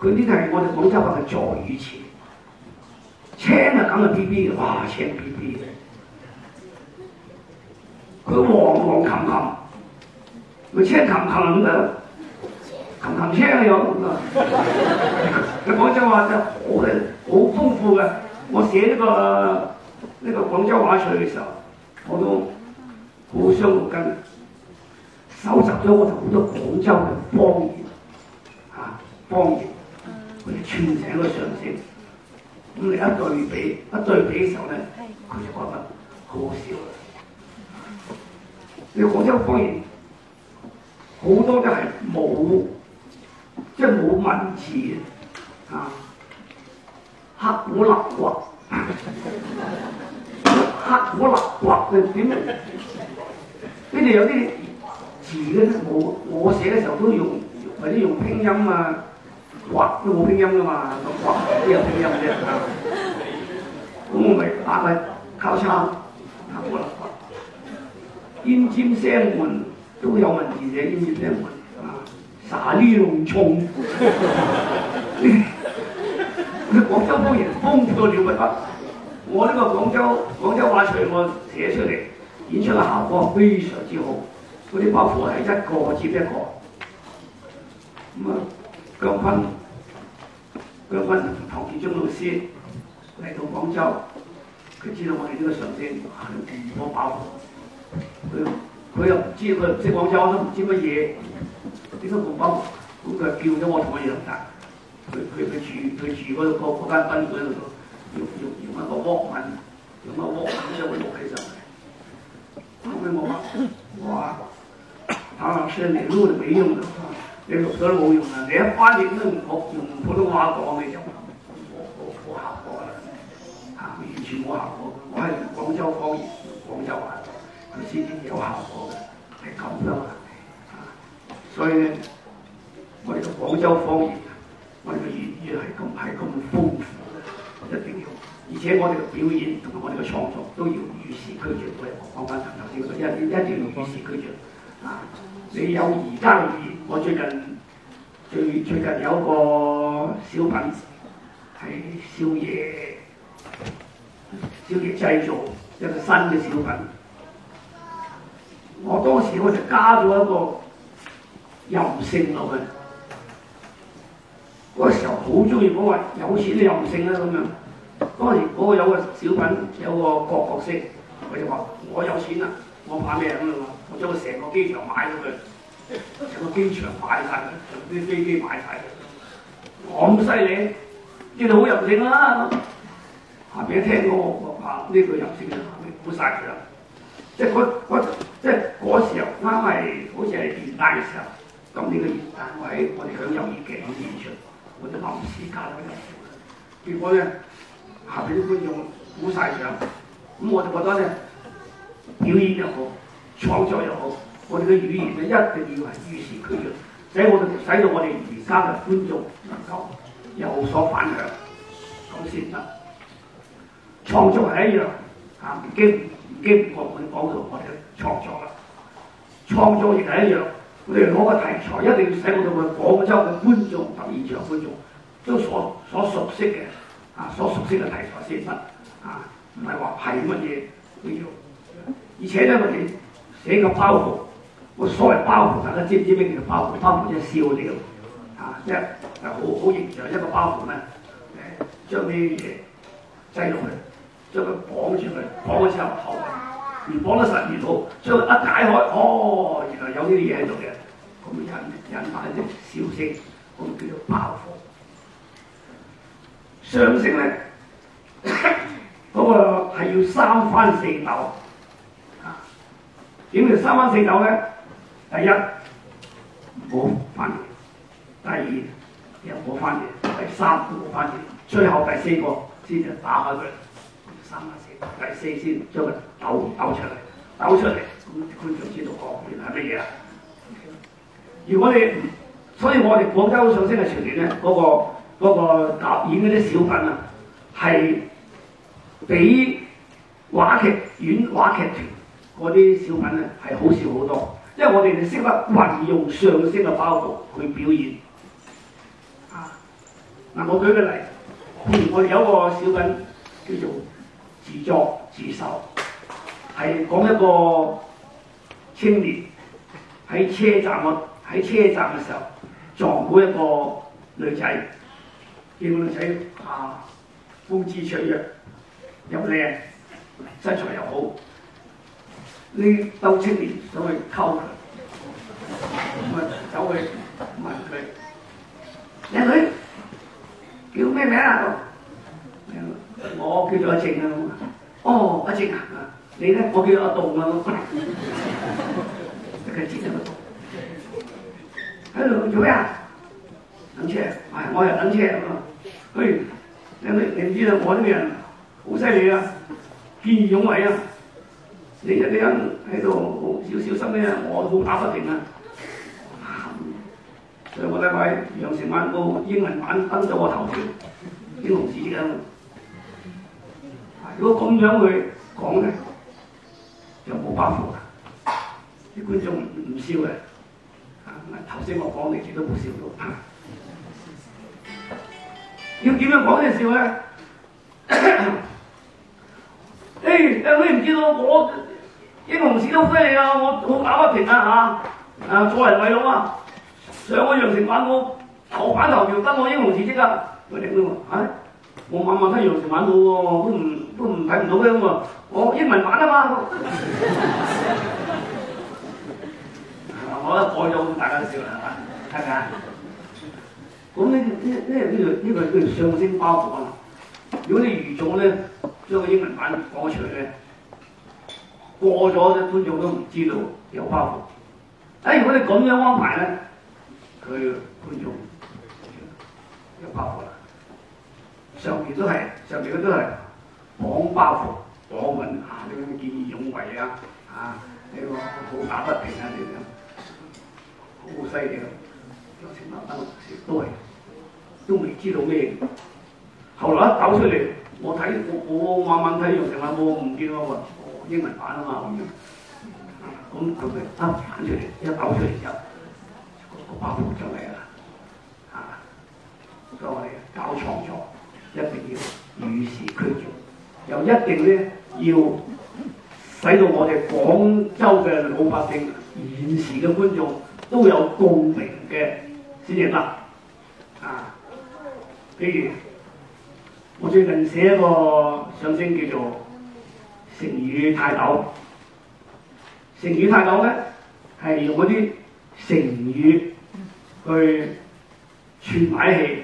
佢呢啲係我哋廣州話嘅助語詞。青啊咁啊 B B 嘅，哇，青 B B 嘅。佢黃黃冚冚，佢青冚冚咁嘅，冚冚青啊有。你廣州話真係好嘅，好豐富嘅。我寫呢、這個呢、這個廣州話出嚟嘅時候。我都好傷腦筋，收集咗我好多廣州嘅方言，啊，方言，佢哋全城嘅常識，咁你一對比，一對比嘅時候咧，佢就覺得好笑。你廣州方言好多都係冇，即係冇文字嘅，啊，黑古老喎。啊 黑火立掘嘅點？你樣，你呢啲有啲字咧，我我寫嘅時候都用，或者用拼音嘛，掘都冇拼音噶嘛，都掘都有拼音嘅。我咪明，打佢交叉，黑火立掘，煙尖聲門都有文字寫，煙尖聲門啊，啥呢龍蟲？我將方言崩出二百八。嗯我呢個廣州廣州話唱案寫出嚟，演出嘅效果非常之好。嗰 啲包袱係一個接一個。咁、嗯、啊，姜昆、姜昆同唐傑忠老師嚟到廣州，佢知道我哋呢個相聲，啊，地方包袱。佢佢又唔知佢識廣州都唔知乜嘢，呢都冇爆。咁就叫咗我同我楊達，佢佢佢住佢住嗰、那個嗰間賓館度。用用用一個話文，用一個話文先可以錄起上嚟。你唔係話我，我，啊，你錄啲粵語就冇用啦，inação 你錄咗都冇用啊。你一翻譯都唔學用普通話講，你，你、嗯、ney, 就冇效果啦。啊，完全冇效果。我係廣州方言、廣州話讀先至有效果嘅，係咁啦嘛。所以呢，我哋個廣州方言我哋個粵語係咁係咁豐富。一定要，而且我哋嘅表演同埋我哋嘅創作都要與時俱進。我講翻頭頭先，一一定要與時俱進。啊，你有而家嘅意，我最近最最近有個小品係少爺，少爺製造一個新嘅小品。我當時我就加咗一個任性落去。嗰時候好中意講話有錢就任性啦咁樣。當時嗰個有個小品有個角角色，佢就話：我有錢啦，我怕咩啦嘛！我將佢成個機場買咗佢，成個機場買曬，啲飛機買曬，咁犀利，叫你好任性啦！下邊一聽我怕，嚇呢個任性就嚇，冇晒佢啦！即係嗰時候啱係好似係元旦嘅時候，今年嘅元旦我我哋響有業嘅現場。我哋臨時加咗咧，結果咧下邊啲觀眾鼓晒掌，咁我就覺得咧表演又好，創作又好，我哋嘅語言咧一定要係與時俱進，所以我就使我哋使到我哋而家嘅觀眾能夠有所反響，咁先得。創作係一樣嚇，唔經唔經唔過我哋講到我哋嘅創作啦，創作亦係一樣。啊不我哋攞個題材一定要使到我哋廣州嘅觀眾同現場觀眾都所所熟悉嘅啊，所熟悉嘅題材先得啊，唔係話係乜嘢都要。而且咧，我哋寫個包袱，我所謂包袱大家知唔知咩叫包袱？包袱即係笑料啊，即係係好好形象一個包袱咧，將啲嘢擠落去，將佢綁住嚟，綁咗之後好，越綁得實越好。將佢一解開，哦，原來有呢啲嘢喺度嘅。咁引引埋啲消息，咁、那個那個、叫做爆火。相聲咧，嗰 個係要三翻四抖。點、啊、叫三翻四抖咧？第一冇翻轉，第二又冇翻轉，第三冇翻轉，最後第四個先至打開佢。三翻四抖，第四先將佢抖，抖出嚟，抖出嚟，咁佢就知道講完係乜嘢啦。如果我，所以我哋廣州相聲嘅場面咧，嗰個嗰演嗰啲小品啊，係比話劇院話劇團嗰啲小品咧係好笑好多，因為我哋哋識得運用相聲嘅包袱去表演。啊，嗱我舉個例，我哋有一個小品叫做《自作自受》，係講一個青年喺車站個。喺車站嘅時候撞到一個女仔，見個女仔啊，風姿綽約，又靚身材又好，呢度青年想去溝佢，咁啊走去問佢：靚女叫咩名啊？我叫做阿靜啊！哦，阿靜啊！你咧我叫阿杜啊！一係知識喺度做咩啊？等車，唔、哎、我又等車咁啊！嘿，你你唔知道我呢個人好犀利啊，見義勇為啊！你一個人喺度好小心呢，我好打不停啊，啊！所以我禮拜羊城晚報英文版登咗我頭條，英雄事蹟嘅、啊。如果咁樣去講呢，就冇包袱啦，啲觀眾唔笑嘅。頭先我講你哋都冇笑到，要點樣講先笑咧、 哎？嘿、呃，你唔見到我英雄史都犀利啊！我我，我打不平啊嚇！啊做人為老啊！上個羊城版我頭版頭條得我英雄史績啊！佢哋你話啊，我晚晚都羊城版我都唔都唔睇唔到嘅喎，我英文版啊嘛。 我一改咗咁，大家都笑啦，係咪啊？咁呢呢呢呢個呢個叫做上升包袱啊！如果你預早咧將個英文版講出嚟咧，過咗咧，觀眾都唔知道有包袱。哎，如果你咁樣安排咧，佢觀眾有包袱啦。上邊都係，上邊都係綁包袱，綁緊啊啲見義勇為啊，啊呢個好打不平啊好犀利，有錢冇得，都係，都未知道咩。後來一抖出嚟，我睇我我慢慢睇用成嘛，晚我唔見我話英文版啊嘛，咁佢咪一反出嚟，一抖出嚟之後，個包袱就嚟啦。啊，各位搞創作一定要與時俱進，又一定呢，要使到我哋廣州嘅老百姓、現時嘅觀眾。都有共鳴嘅，先得啊！比如我最近寫一個相聲叫做成語泰斗。成語泰斗咧係用嗰啲成語去串埋一氣，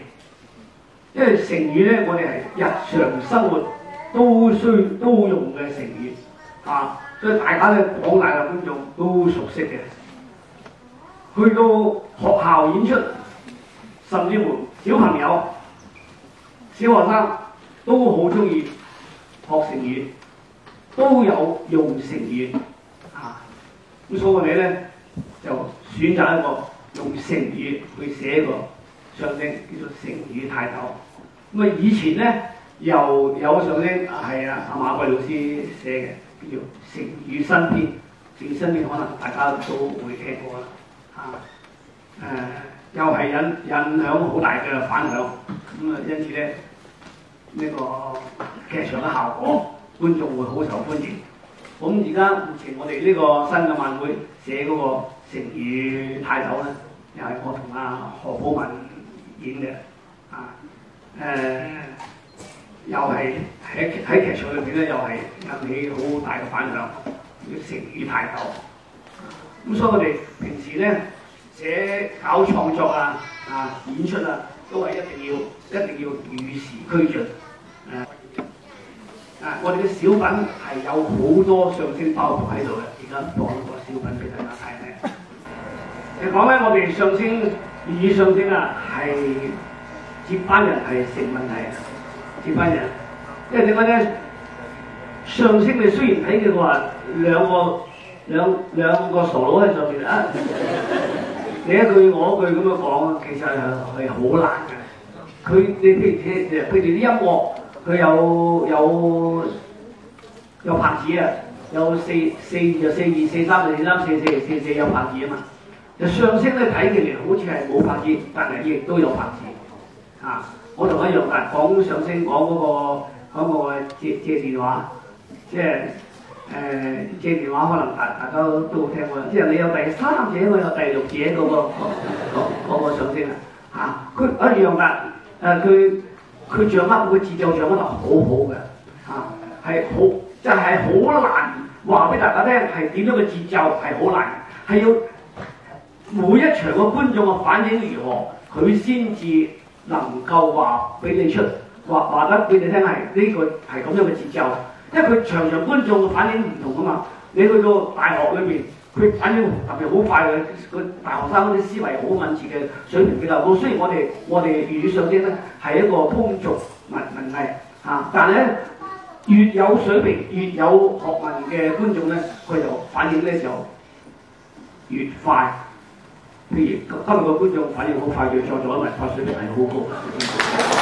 因為成語咧我哋係日常生活都需都用嘅成語啊，所以大家咧廣大嘅觀眾都熟悉嘅。去到學校演出，甚至乎小朋友、小學生都好中意學成語，都有用成語啊。咁所以我哋咧就選擇一個用成語去寫個相聲，叫做《成語泰斗》。咁啊，以前咧又有個相聲，係啊阿馬季老師寫嘅，叫做《成語新編》。《成語新編》可能大家都會聽過啦。啊！誒、呃，又係引引響好大嘅反響，咁、嗯、啊，因此咧呢、這個劇場嘅效果，觀眾會好受歡迎。咁而家目前我哋呢個新嘅晚會寫嗰個《成語泰斗》咧，又係我同阿、啊、何寶文演嘅。啊！誒、呃，又係喺喺劇場裏邊咧，又係引起好大嘅反響，泰《成語泰斗》。咁所以我哋平時咧寫搞創作啊，啊演出啊，都係一定要一定要與時俱進。誒啊，啊！我哋嘅小品係有好多相聲包袱喺度嘅，而家講個小品俾大家睇咧。 你講咧，我哋相聲粵語相聲啊，係接班人係成問題。接班人，因為點解咧？相聲你雖然睇嘅話兩個。兩兩個傻佬喺上邊啊！ 你一句我一句咁樣講，其實係好難嘅。佢你譬如啲佢哋啲音樂，佢有有有拍子啊，有四四,四二就四二四三四三四四四四,四四有拍子啊嘛。就相聲咧睇起嚟好似係冇拍子，但係亦都有拍子啊！我同佢一樣，但係講相聲講嗰、嗰個、嗰個嗰個、借借電話，即係。誒，這段、呃、話可能大大家都聽過。即係你有第三者，我有第六者嘅噃。好，講我先啦。嚇，佢、就、一、是、樣噶。誒，佢佢掌握嗰個節奏，掌握得好好嘅。嚇，係好，就係好難話俾大家聽，係點樣嘅節奏係好難，係要每一場嘅觀眾嘅反應如何，佢先至能夠話俾你出，話話得俾你聽係呢個係咁樣嘅節奏。因為佢場場觀眾嘅反應唔同啊嘛，你去到大學裏邊，佢反應特別好快嘅，個大學生嗰啲思維好敏捷嘅，水平比較高。雖然我哋我哋粵語相聲咧係一個通俗文文藝嚇、啊，但係咧越有水平、越有學問嘅觀眾咧，佢就反應咧就越快。譬如今日個觀眾反應好快，創作嘅文化水平係好高。嗯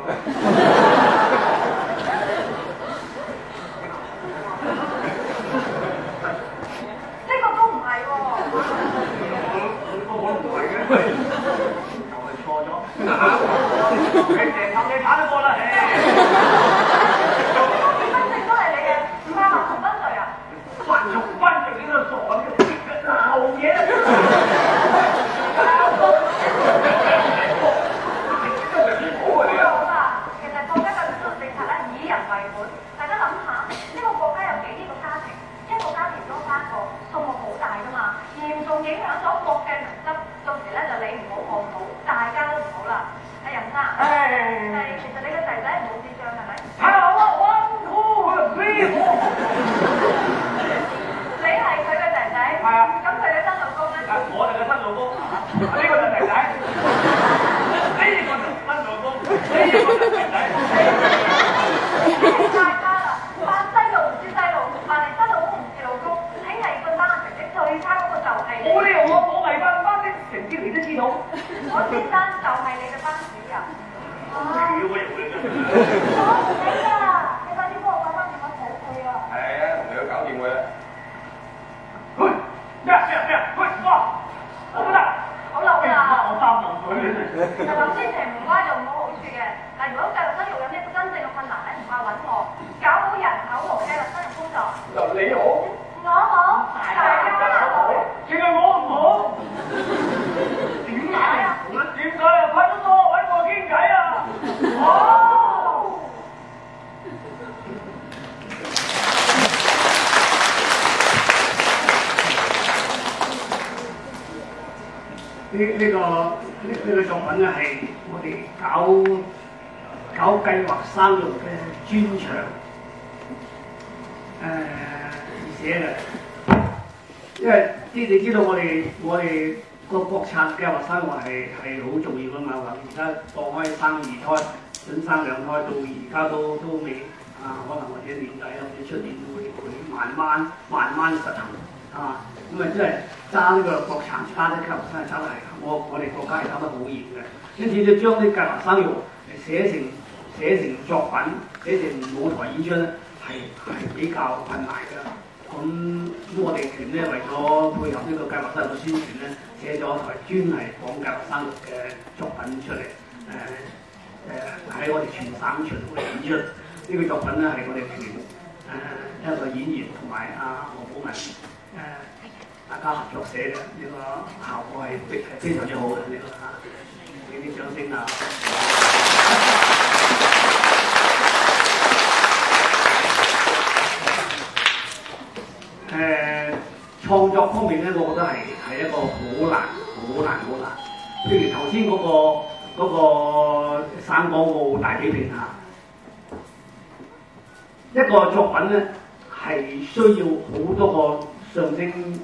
而家都都未啊！可能或者年底，或者出年會會慢慢慢慢實行啊！咁啊、就是，即係揸呢個國產卡式計劃生係揸得嚟，我我哋國家係揸得好嚴嘅。因此，咧將啲計劃生育寫成寫成作品、寫成舞台演出，係係比較困難嘅。咁咁，我哋團咧為咗配合呢個計劃生育宣傳咧，寫咗台專係講計劃生育嘅作品出嚟誒。呃誒喺、呃、我哋全省全部演出呢、這個作品咧，係我哋團誒一個演員同埋阿黃寶文誒、呃、大家合作寫嘅，呢、這個效果係非係非常之好嘅。呢、這個嚇，俾啲掌聲啊！誒、啊 呃、創作方面咧，我覺得係係一個好難、好難、好難。譬如頭先嗰個。嗰個省港澳大幾片啊？一個作品咧，係需要好多個笑聲，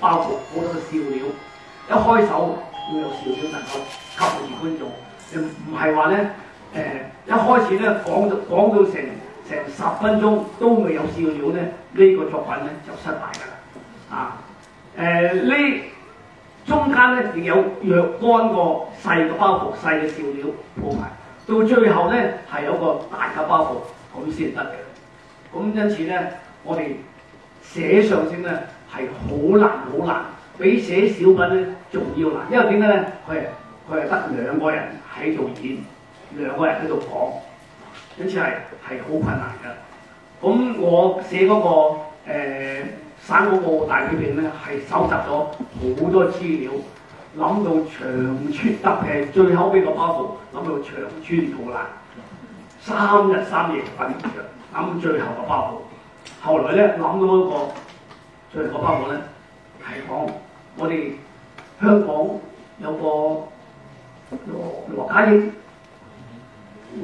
包括好多個笑料。一開手要有笑料能夠吸引觀眾，唔係話咧誒一開始咧講到講到成成十分鐘都未有笑料咧，呢個作品咧就失敗㗎啦！啊誒呢？呃中間咧亦有若干個細嘅包袱、細嘅笑料鋪埋，到最後咧係有個大嘅包袱咁先得嘅。咁因此咧，我哋寫相聲咧係好難好難，比寫小品咧仲要難，因為點解咧？佢佢係得兩個人喺度演，兩個人喺度講，因此係係好困難嘅。咁我寫嗰、那個、呃省港澳大隊片咧係蒐集咗好多資料，諗到長穿，特別最後嗰個包袱，諗到長穿好難，三日三夜瞓唔著。咁最後個包袱，後來咧諗到一個最後個包袱咧係講我哋香港有個羅羅家英，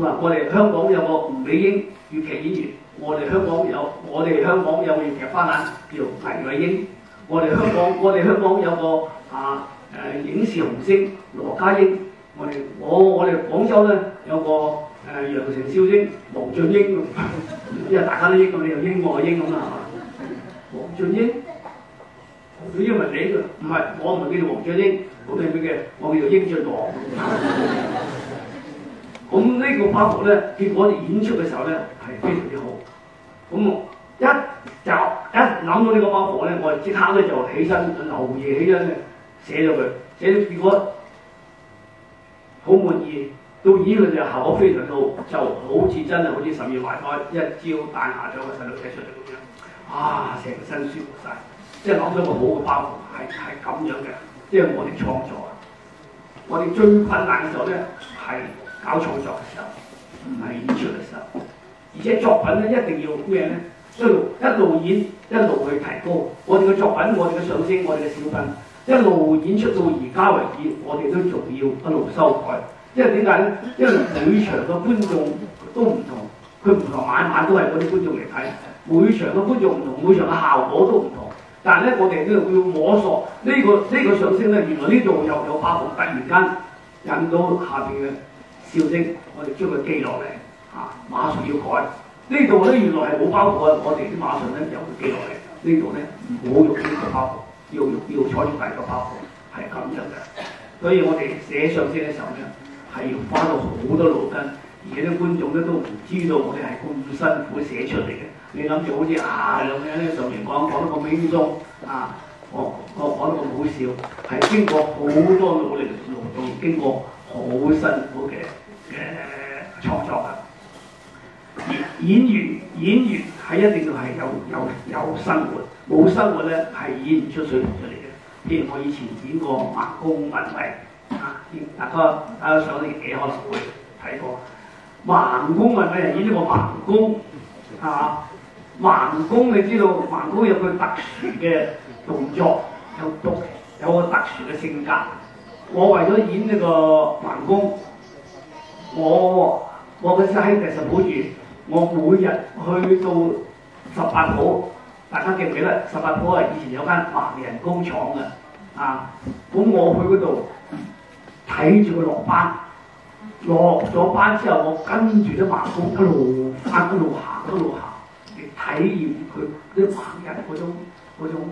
話我哋香港有個吳美英粵劇演員。我哋香港有，我哋香港有個劇花旦叫黎慧英。我哋香港，我哋香港有個啊，誒影視紅星羅家英。我哋，我我哋廣州咧有個誒、啊、羊城笑星黃俊英， 因為大家都英咁，你就英愛英咁啊，係嘛？黃、嗯、俊英，因你因你唔係我唔係叫做黃俊英，咁係乜嘅？我叫做英俊黃咁 呢個包袱咧，結果你演出嘅時候咧係非常之好。咁一就一諗到呢個包袱咧，我係即刻咧就起身，熬夜起身咧寫咗佢。寫到結果好滿意，到演佢就效果非常好，就好似真係好似十二懷胎，一朝彈下咗個細路寫出咁樣。啊，成身舒服晒。即係諗到個好嘅包袱係係咁樣嘅，即係我哋創作啊，我哋最困難嘅時候咧係搞創作嘅時候，唔係演出嘅時候。而且作品咧一定要咩咧？需要一路演一路去提高。我哋嘅作品，我哋嘅相聲，我哋嘅小品，一路演出到而家為止，我哋都仲要一路修改。因為點解咧？因為每場嘅觀眾都唔同，佢唔同晚晚都係嗰啲觀眾嚟睇，每場嘅觀眾唔同，每場嘅效果都唔同。但係咧，我哋都要摸索呢個呢個相聲咧。原來呢度又有爆棚，突然間引到下邊嘅笑聲，我哋將佢記落嚟。啊！馬上要改呢度咧，原來係冇包袱嘅。我哋啲馬上咧又記落嚟，呢度咧唔好用呢個包袱，要用要採用第二個包袱，係咁樣嘅。所以我哋寫上先嘅時候咧，係要花到好多腦筋，而且啲觀眾咧都唔知道我哋係咁辛苦寫出嚟嘅。你諗住好似啊咁樣咧，個上面講講得咁輕鬆啊，我我講得咁好笑，係經過好多努力嘅勞動，經過好辛苦嘅嘅創作、啊。演員演員係一定要係有有有生活，冇生活咧係演唔出水出嚟嘅。譬如我以前演過盲公文藝，啊，啊，大家，大家上年幾可能會睇過盲公文藝啊，演呢個盲公。啊盲公，你知道盲公有個特殊嘅動作，有獨有個特殊嘅性格。我為咗演呢個盲公，我我嘅師兄就抱住。我每日去到十八甫，大家記唔記得？十八甫係以前有間盲人工廠嘅，啊！咁我去嗰度睇住佢落班，落咗班之後，我跟住啲盲工一路翻，返一路行，一路行，亦體驗佢啲盲人嗰種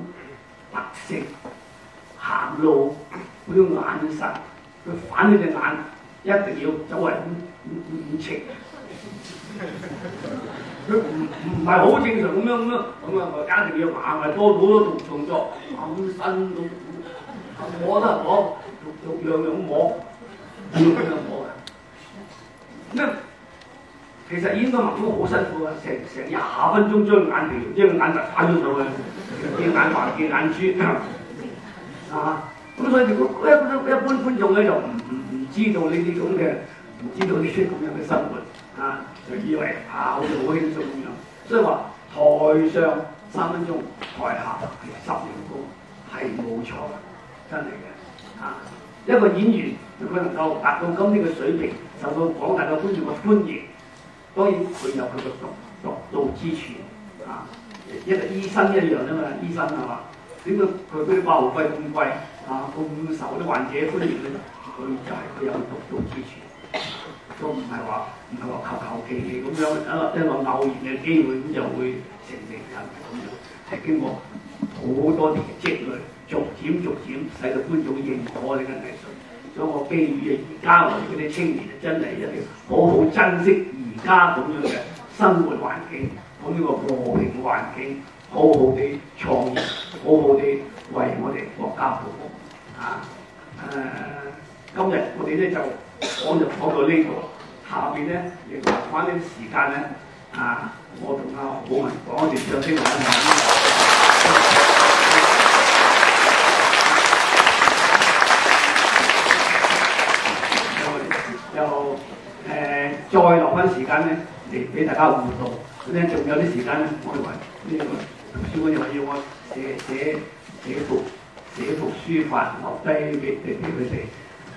特色，行路嗰啲眼神，佢反咗隻眼一定要走喎，五五五尺。佢唔唔唔係好正常咁樣咁樣，咁啊，我加住要行埋多好多動動作，咁身都摸得，攞肉肉樣樣摸，樣樣摸啊！咩？ 其實演個盲夫好辛苦啊，成成廿分鐘將眼條，將眼眼用到嘅，嘅眼白嘅眼珠，啊！咁所以如果一一般觀眾咧，就唔唔唔知道呢啲咁嘅，唔知道呢啲咁樣嘅生活。啊！就以為啊，好似好輕鬆咁樣，所以話台上三分鐘，台下十年功，係冇錯，真係嘅。啊，一個演員佢能夠達到今天嘅水平，受到廣大嘅觀眾嘅歡迎，當然佢有佢嘅獨獨到之處。啊，一個醫生一樣啊嘛，醫生係嘛？點解佢嗰啲掛號費咁貴？啊，咁受啲患者歡迎咧，佢就係佢有獨到之處。都唔係話唔係話求求其其咁樣一個一個偶然嘅機會，咁就會成名人咁樣，係經過好多年積累，逐漸逐漸使到觀眾認可呢個藝術。所以我建議啊，而家我哋嗰啲青年啊，真係一定要好好珍惜而家咁樣嘅生活環境，咁呢個和平環境，好好地創業，好好地為我哋國家服務啊！誒、呃，今日我哋咧就～我就講到呢、這、度、個，下邊咧，你留翻啲時間咧，啊，我同阿好文講我哋上先揾下。要誒、呃，再留翻時間咧，嚟俾大家互動。咁咧，仲有啲時間咧，我為呢、這個書館又要我寫寫寫幅寫幅書法，落低俾俾佢哋。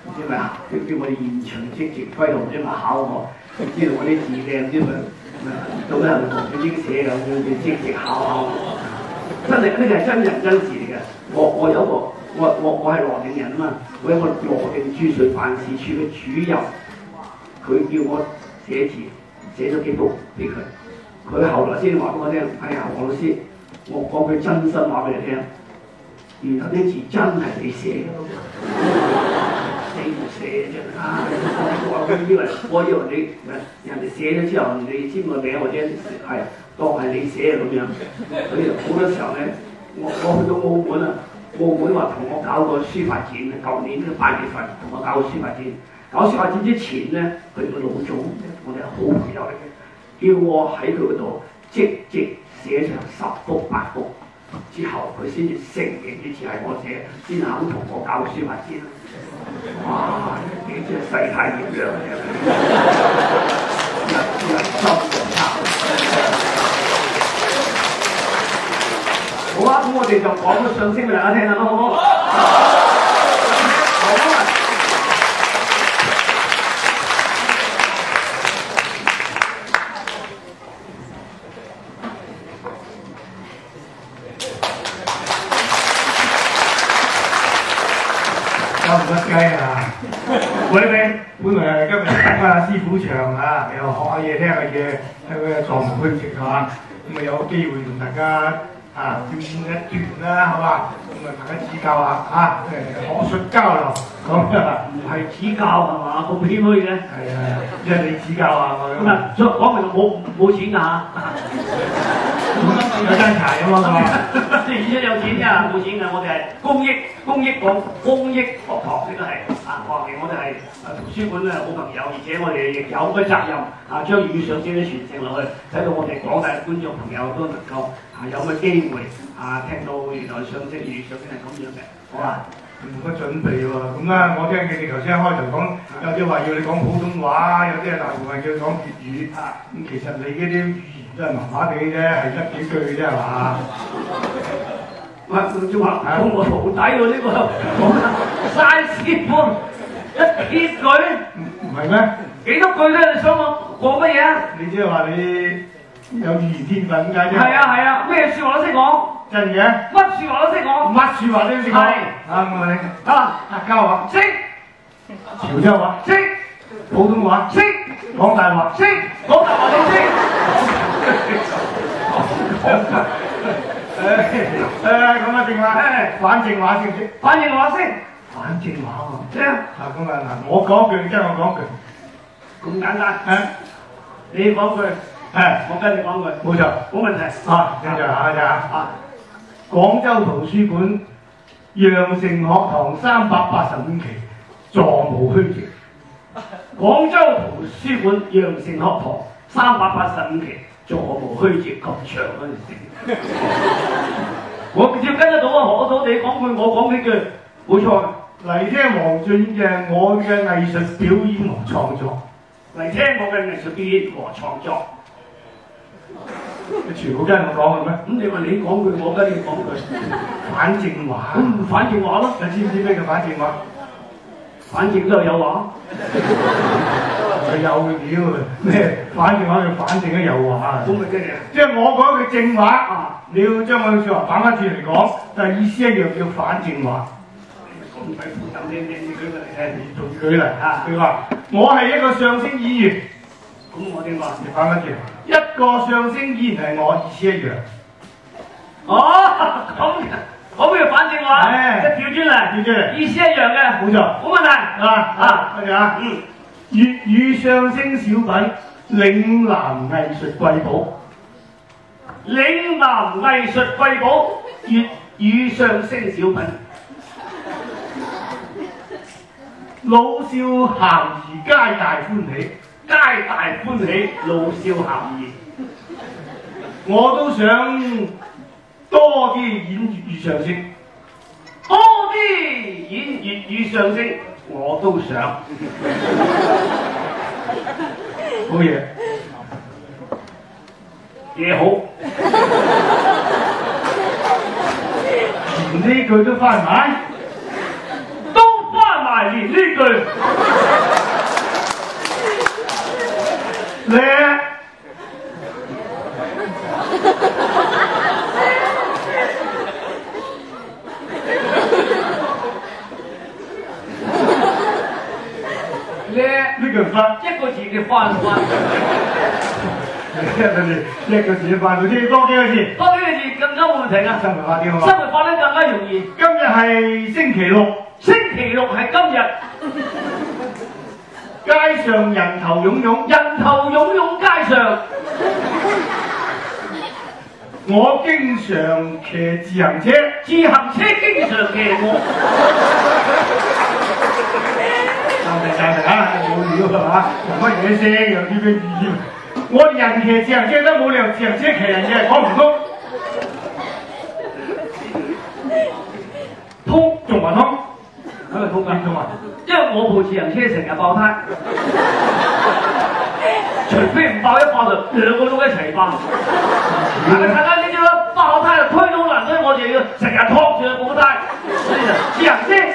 啲咪叫叫我哋現場即時揮毫，啲咪考我，知道我啲字靚啲咪，早上佢已經寫咁樣即時考我，真係呢個係真人真事嚟嘅。我我有個我我我係羅定人啊嘛，我有一個羅定珠水辦事處嘅主任，佢叫我寫字，寫咗幾幅俾佢，佢後來先話俾我聽，哎呀黃老師，我講句真心話俾你聽，原來啲字真係你寫你唔寫啫，啊！佢以為我以為你，人哋寫咗之後，你簽個名或者係當係你寫咁樣。所以好多時候咧，我我去到澳門啊，澳門話同我搞個書法展啊，舊年八月份同我搞個書法展。搞書法展之前咧，佢個老總，我哋好朋友嚟嘅，叫我喺佢嗰度即即寫成十幅八幅。之後佢先至承認呢次係我寫，先肯同我教書埋先。哇！呢啲真係世態炎涼啊！哈哈哈哈哈哈！哈哈哈哈哈哈！好啦，咁我哋就講咗啲相聲俾大家聽啦，好唔好？ 啊！ 師傅長啊，又學下嘢聽下嘢，睇佢有座無虛席嚇，咁啊有個機會同大家啊轉一段啦，係、嗯、嘛？咁啊大家指教下嚇、啊，學術交流咁唔係指教係嘛？咁謙虛嘅，係啊，因為你指教下啊嘛。唔、嗯、係，講明冇冇錢啊。啊啊啊啊有張台咁咯，係嘛？而且有錢㗎，冇錢㗎。我哋係公益，公益講公益學堂呢個係啊，學堂我哋係啊圖書館啊好朋友，而且我哋亦有咁嘅責任啊，將粵語相聲咧傳承落去，睇到我哋廣大嘅觀眾朋友都能夠啊有咁嘅機會啊聽到原來雙聲粵語相聲係咁樣嘅，好、啊、嘛？冇乜、啊、準備喎、啊，咁咧我聽佢哋頭先開頭講，有啲話要你講普通話，有啲啊大部分要講粵語啊。咁、嗯、其實你嗰啲。真係麻麻地啫，係得幾句啫係嘛？乜都中黑，好唔好睇喎呢個？三字句，一句句，唔唔係咩？幾多句咧？你想講講乜嘢啊？你即係話你有語言天分㗎啫？係啊係啊，咩説話都識講。真嘅？乜説話都識講？乜説話都要識講？係啊，我問你，啊客家話識，潮州話識，普通話識，講大話識，講大話都識。誒，咁啊，正話咧，反正話先，反正話先，反正話先啊！咁啊，嗱，我講句，你跟我講句，咁簡單吓？你講句，誒，我跟你講句，冇錯，冇問題。好，正常下嘅吓。廣州圖書館羊城學堂三百八十五期，座無虛席。廣州圖書館羊城學堂三百八十五期。做我無虛席咁長嗰陣時， 我直接跟得到啊！我到你講句，我講幾句，冇錯。嚟聽黃俊英我嘅藝術表演和創作，嚟聽我嘅藝術表演和創作。全部跟我講嘅咩？咁你話你講句，我跟你講句，嗯，反正話，嗯，反正話咯。你知唔知咩叫反正話？反正都係有話，有料咩反正話佢反正嘅有話，即係我講句正話啊！你要將我嘅説話反翻轉嚟講，但係意思一樣叫反正話。咁你你舉例，誒，做舉例，我係一,一,、啊、一個相聲演員，咁我點話？你反翻轉，一個相聲演員係我，意思一樣。哦、啊！好。不反正我俾佢反證我啊，跳轉嚟，跳轉嚟，轉意思一樣嘅，冇錯，冇問題，嗱啊，跟住啊，啊麼嗯，粵語相聲小品《嶺南藝術瑰寶》，《嶺南藝術瑰寶》粵語相聲小品， 老少咸宜，皆大歡喜，皆大歡喜，老少咸宜，我都想。多啲演粵語相聲，多啲演粵語相聲，我都想。好嘢， 嘢好。 連呢句都翻埋，都翻埋連呢句。咩？ 呢呢個一個字嘅翻字啊！你、這、一個字嘅翻字，多幾個字？多幾個字更加冇問題啦！生活化啲好嘛？生活化咧更加容易。今日係星期六，星期六係今日。 街上人頭湧湧，人頭湧湧街上。 我經常騎自行車，自行車經常騎我。 係啊，我人騎自行車都冇料，自行車騎人嘅，講唔通，通仲唔通？因為我部自行車成日爆胎，除非唔爆一爆就兩個都一齊爆，大家睇下呢啲咯，爆胎就推到人，所以我就要成日拖住去補胎，所以自行車。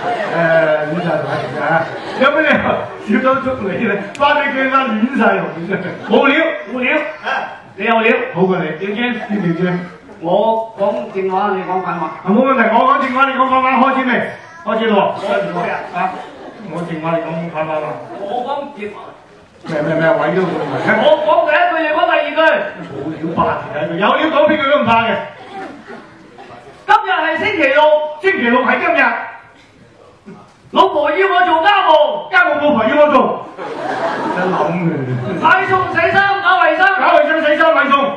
誒，暖晒同埋嘅吓，有咩料？小生祝你咧，翻你間屋暖晒同埋嘅，冇料冇料啊！你有料好過你，點先？點點先？我講正話，你講快話。啊，冇問題，我講正話，你講快話。開始未？開始咯。我講咩啊？啊！我正話你講快快話。我講正話。咩咩咩？鬼都唔明。我講第一句，你講第二句。冇料扮團體，有料講俾佢都唔怕嘅。今日係星期六，星期六係今日。老婆要我做家務，家務老婆要我做。唔使諗嘅。買餸洗衫搞衛生，搞衛生洗衫買餸。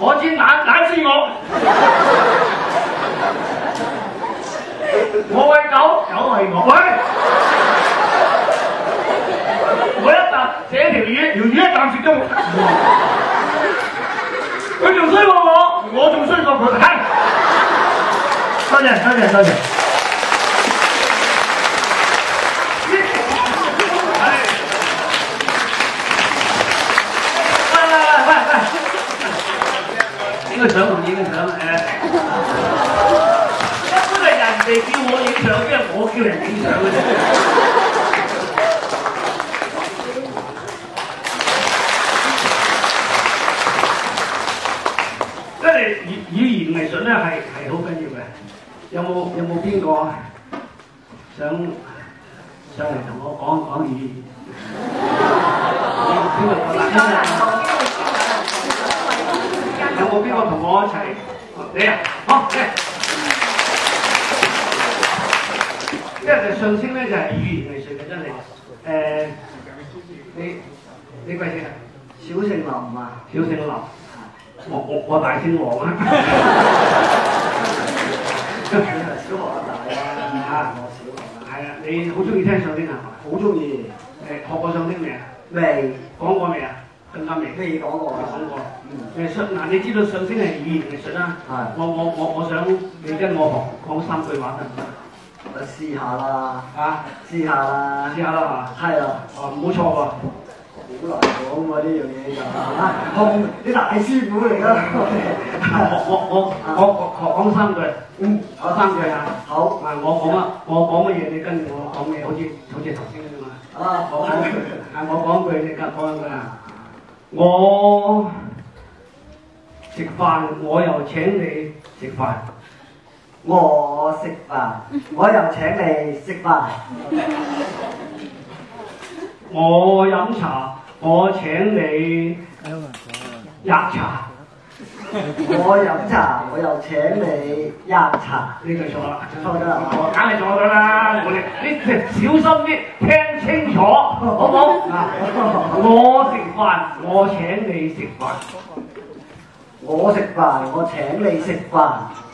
我知乸乸知我。我係狗，狗係我。喂，我一啖，這條魚條魚一啖食中。佢仲衰過我，我仲衰過佢。多謝多謝多謝。喂喂喂喂喂，影個相唔影個相咧？一般係人哋叫我影相，因為我叫人影相嘅啫。 小姓林啊！小姓林，我我我大姓王啊！哈哈哈哈哈！啊，小學大啦嚇，我小學。係啊，你好中意聽相聲啊？好中意。誒，學過相聲未啊？未。講過未啊？更加未，都要講過啦，講過。嗯。誒上，嗱，你知道相聲係語言藝術啦。係。我我我我想你跟我學講三句話得唔得我試下啦嚇。係啊。哦，冇錯喎。講喎呢樣嘢就、啊，學啲大師傅嚟咯。我學學學學講三句。嗯，講三句啦、啊。好，嗱我講說乜？我講乜嘢？你跟住我講咩？好似好似頭先嗰啲嘛。啊，好。係我講句，你跟講一句啦。我食飯，嗯，我又請你食飯。 我食飯，我又請你食飯。我飲茶。我請你吔茶， 我飲茶，我又請你吔茶，呢個錯啦，錯咗啦，梗係錯咗啦，你你，你小心啲，聽清楚，好唔好？嗱， 我食飯，我請你食飯，我食飯，我請你食飯，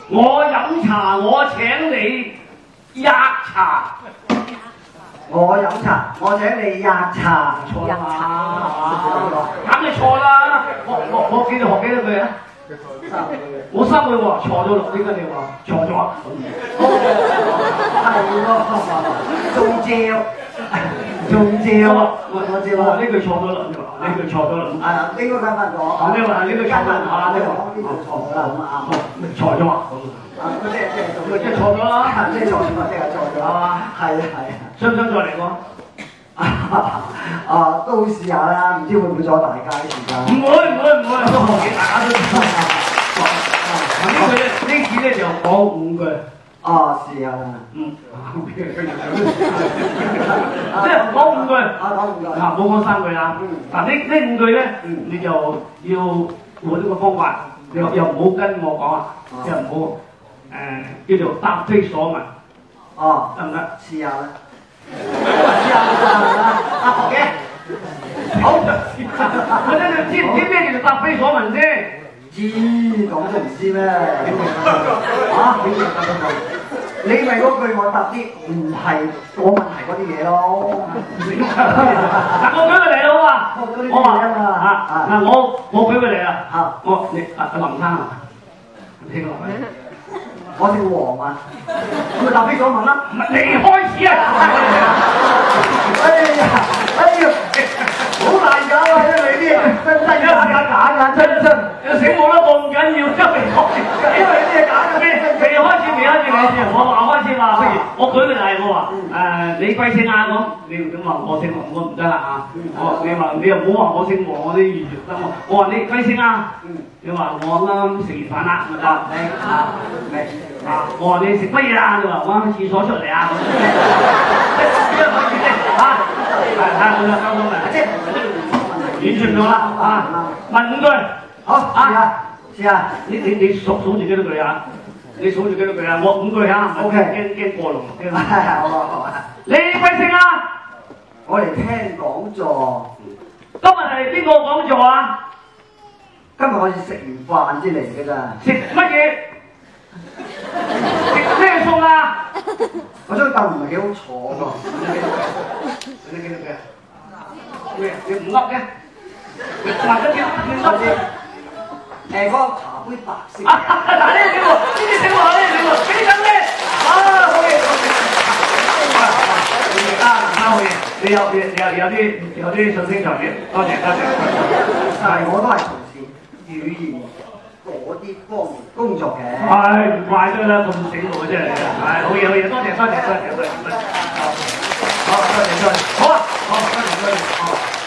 我飲茶，我請你吔茶。我飲茶，我請你吔茶，錯嘛係嘛？錯啦！我我我記得學幾多句啊？我收佢喎，錯咗六點㗎你話？錯咗，係喎，中招，中招啊！我知啦，呢句錯咗啦，呢句錯咗啦，係啊，呢個加法錯啊！你話呢句加法錯啊？呢句錯咗啦，咁啊，錯咗啊？啊，即係即係即係錯咗啦！即係錯咗啊！即係錯咗啊！係啊係啊！想唔想再嚟過？啊，都試下啦，唔知會唔會阻大家時間？唔會，唔會，唔會，都學嘅，大家都。呢句咧，呢句咧就講五句。啊，試下啦。嗯。即係講五句。啊，講五句。嗱，冇講三句啦。嗯。嗱，呢呢五句咧，你就要用呢個方法，又又唔好跟我講啊，又唔好誒叫做答非所問。哦。得唔得？試下啦。唔知啊，阿學嘢，好，我知你知唔知咩叫做答非所問先？知講都唔知咩？啊，你咪嗰句我答啲，唔係我問題嗰啲嘢咯。嗱，我俾佢嚟啦，好嘛？我話，我話啊，嗱，我我俾佢嚟啦。我你阿林生啊，你好。我叫王啊，咁咪答俾咗問啦，唔係，你開始啊！ 哎呀，哎呀，好難搞啊！你啲真真假假，假，真真。你醒目啦，我唔緊要，一名因為啲嘢搞緊始，你開始，我話開始話，譬如我舉個例，我話誒，你貴姓啊？咁你唔敢話我姓黃，我唔得啦嚇。我你話你又唔好話我姓黃，我啲粵語得我。我話你貴姓啊？你話我啱食完飯啦，得唔得啊，啊？我話你食乜嘢啦？你話我喺廁所出嚟啊。啊，係係，交翻嚟，啱先完成啦，啊，問五句。好啊，試下你你你數數住幾多句啊？你數住幾多句啊？我五句啊。O K，驚驚過龍。係係，好啊好啊。你快聲啊！我嚟聽講座。今日係邊個講座啊？今日我哋食完飯先嚟㗎咋？食乜嘢？食咩餸啊？我張凳唔係幾好坐喎。你幾多句啊？咩？你五粒嘅？你快啲，你你你。誒，我個茶杯白色。嗱，呢個醒目，呢個醒目，呢個醒目，非常好，好嘢，好嘢，好嘢，好啊！好嘢，好嘢，好嘢，你有，有，有啲，有啲信心就遠。多謝，多謝。但係我都係從事語言嗰啲工工作嘅。係唔怪得啦，咁醒目真係。係好嘢，好嘢，多謝，多謝，多謝，多謝。好，多謝，多謝，好，好，多謝，多謝，好。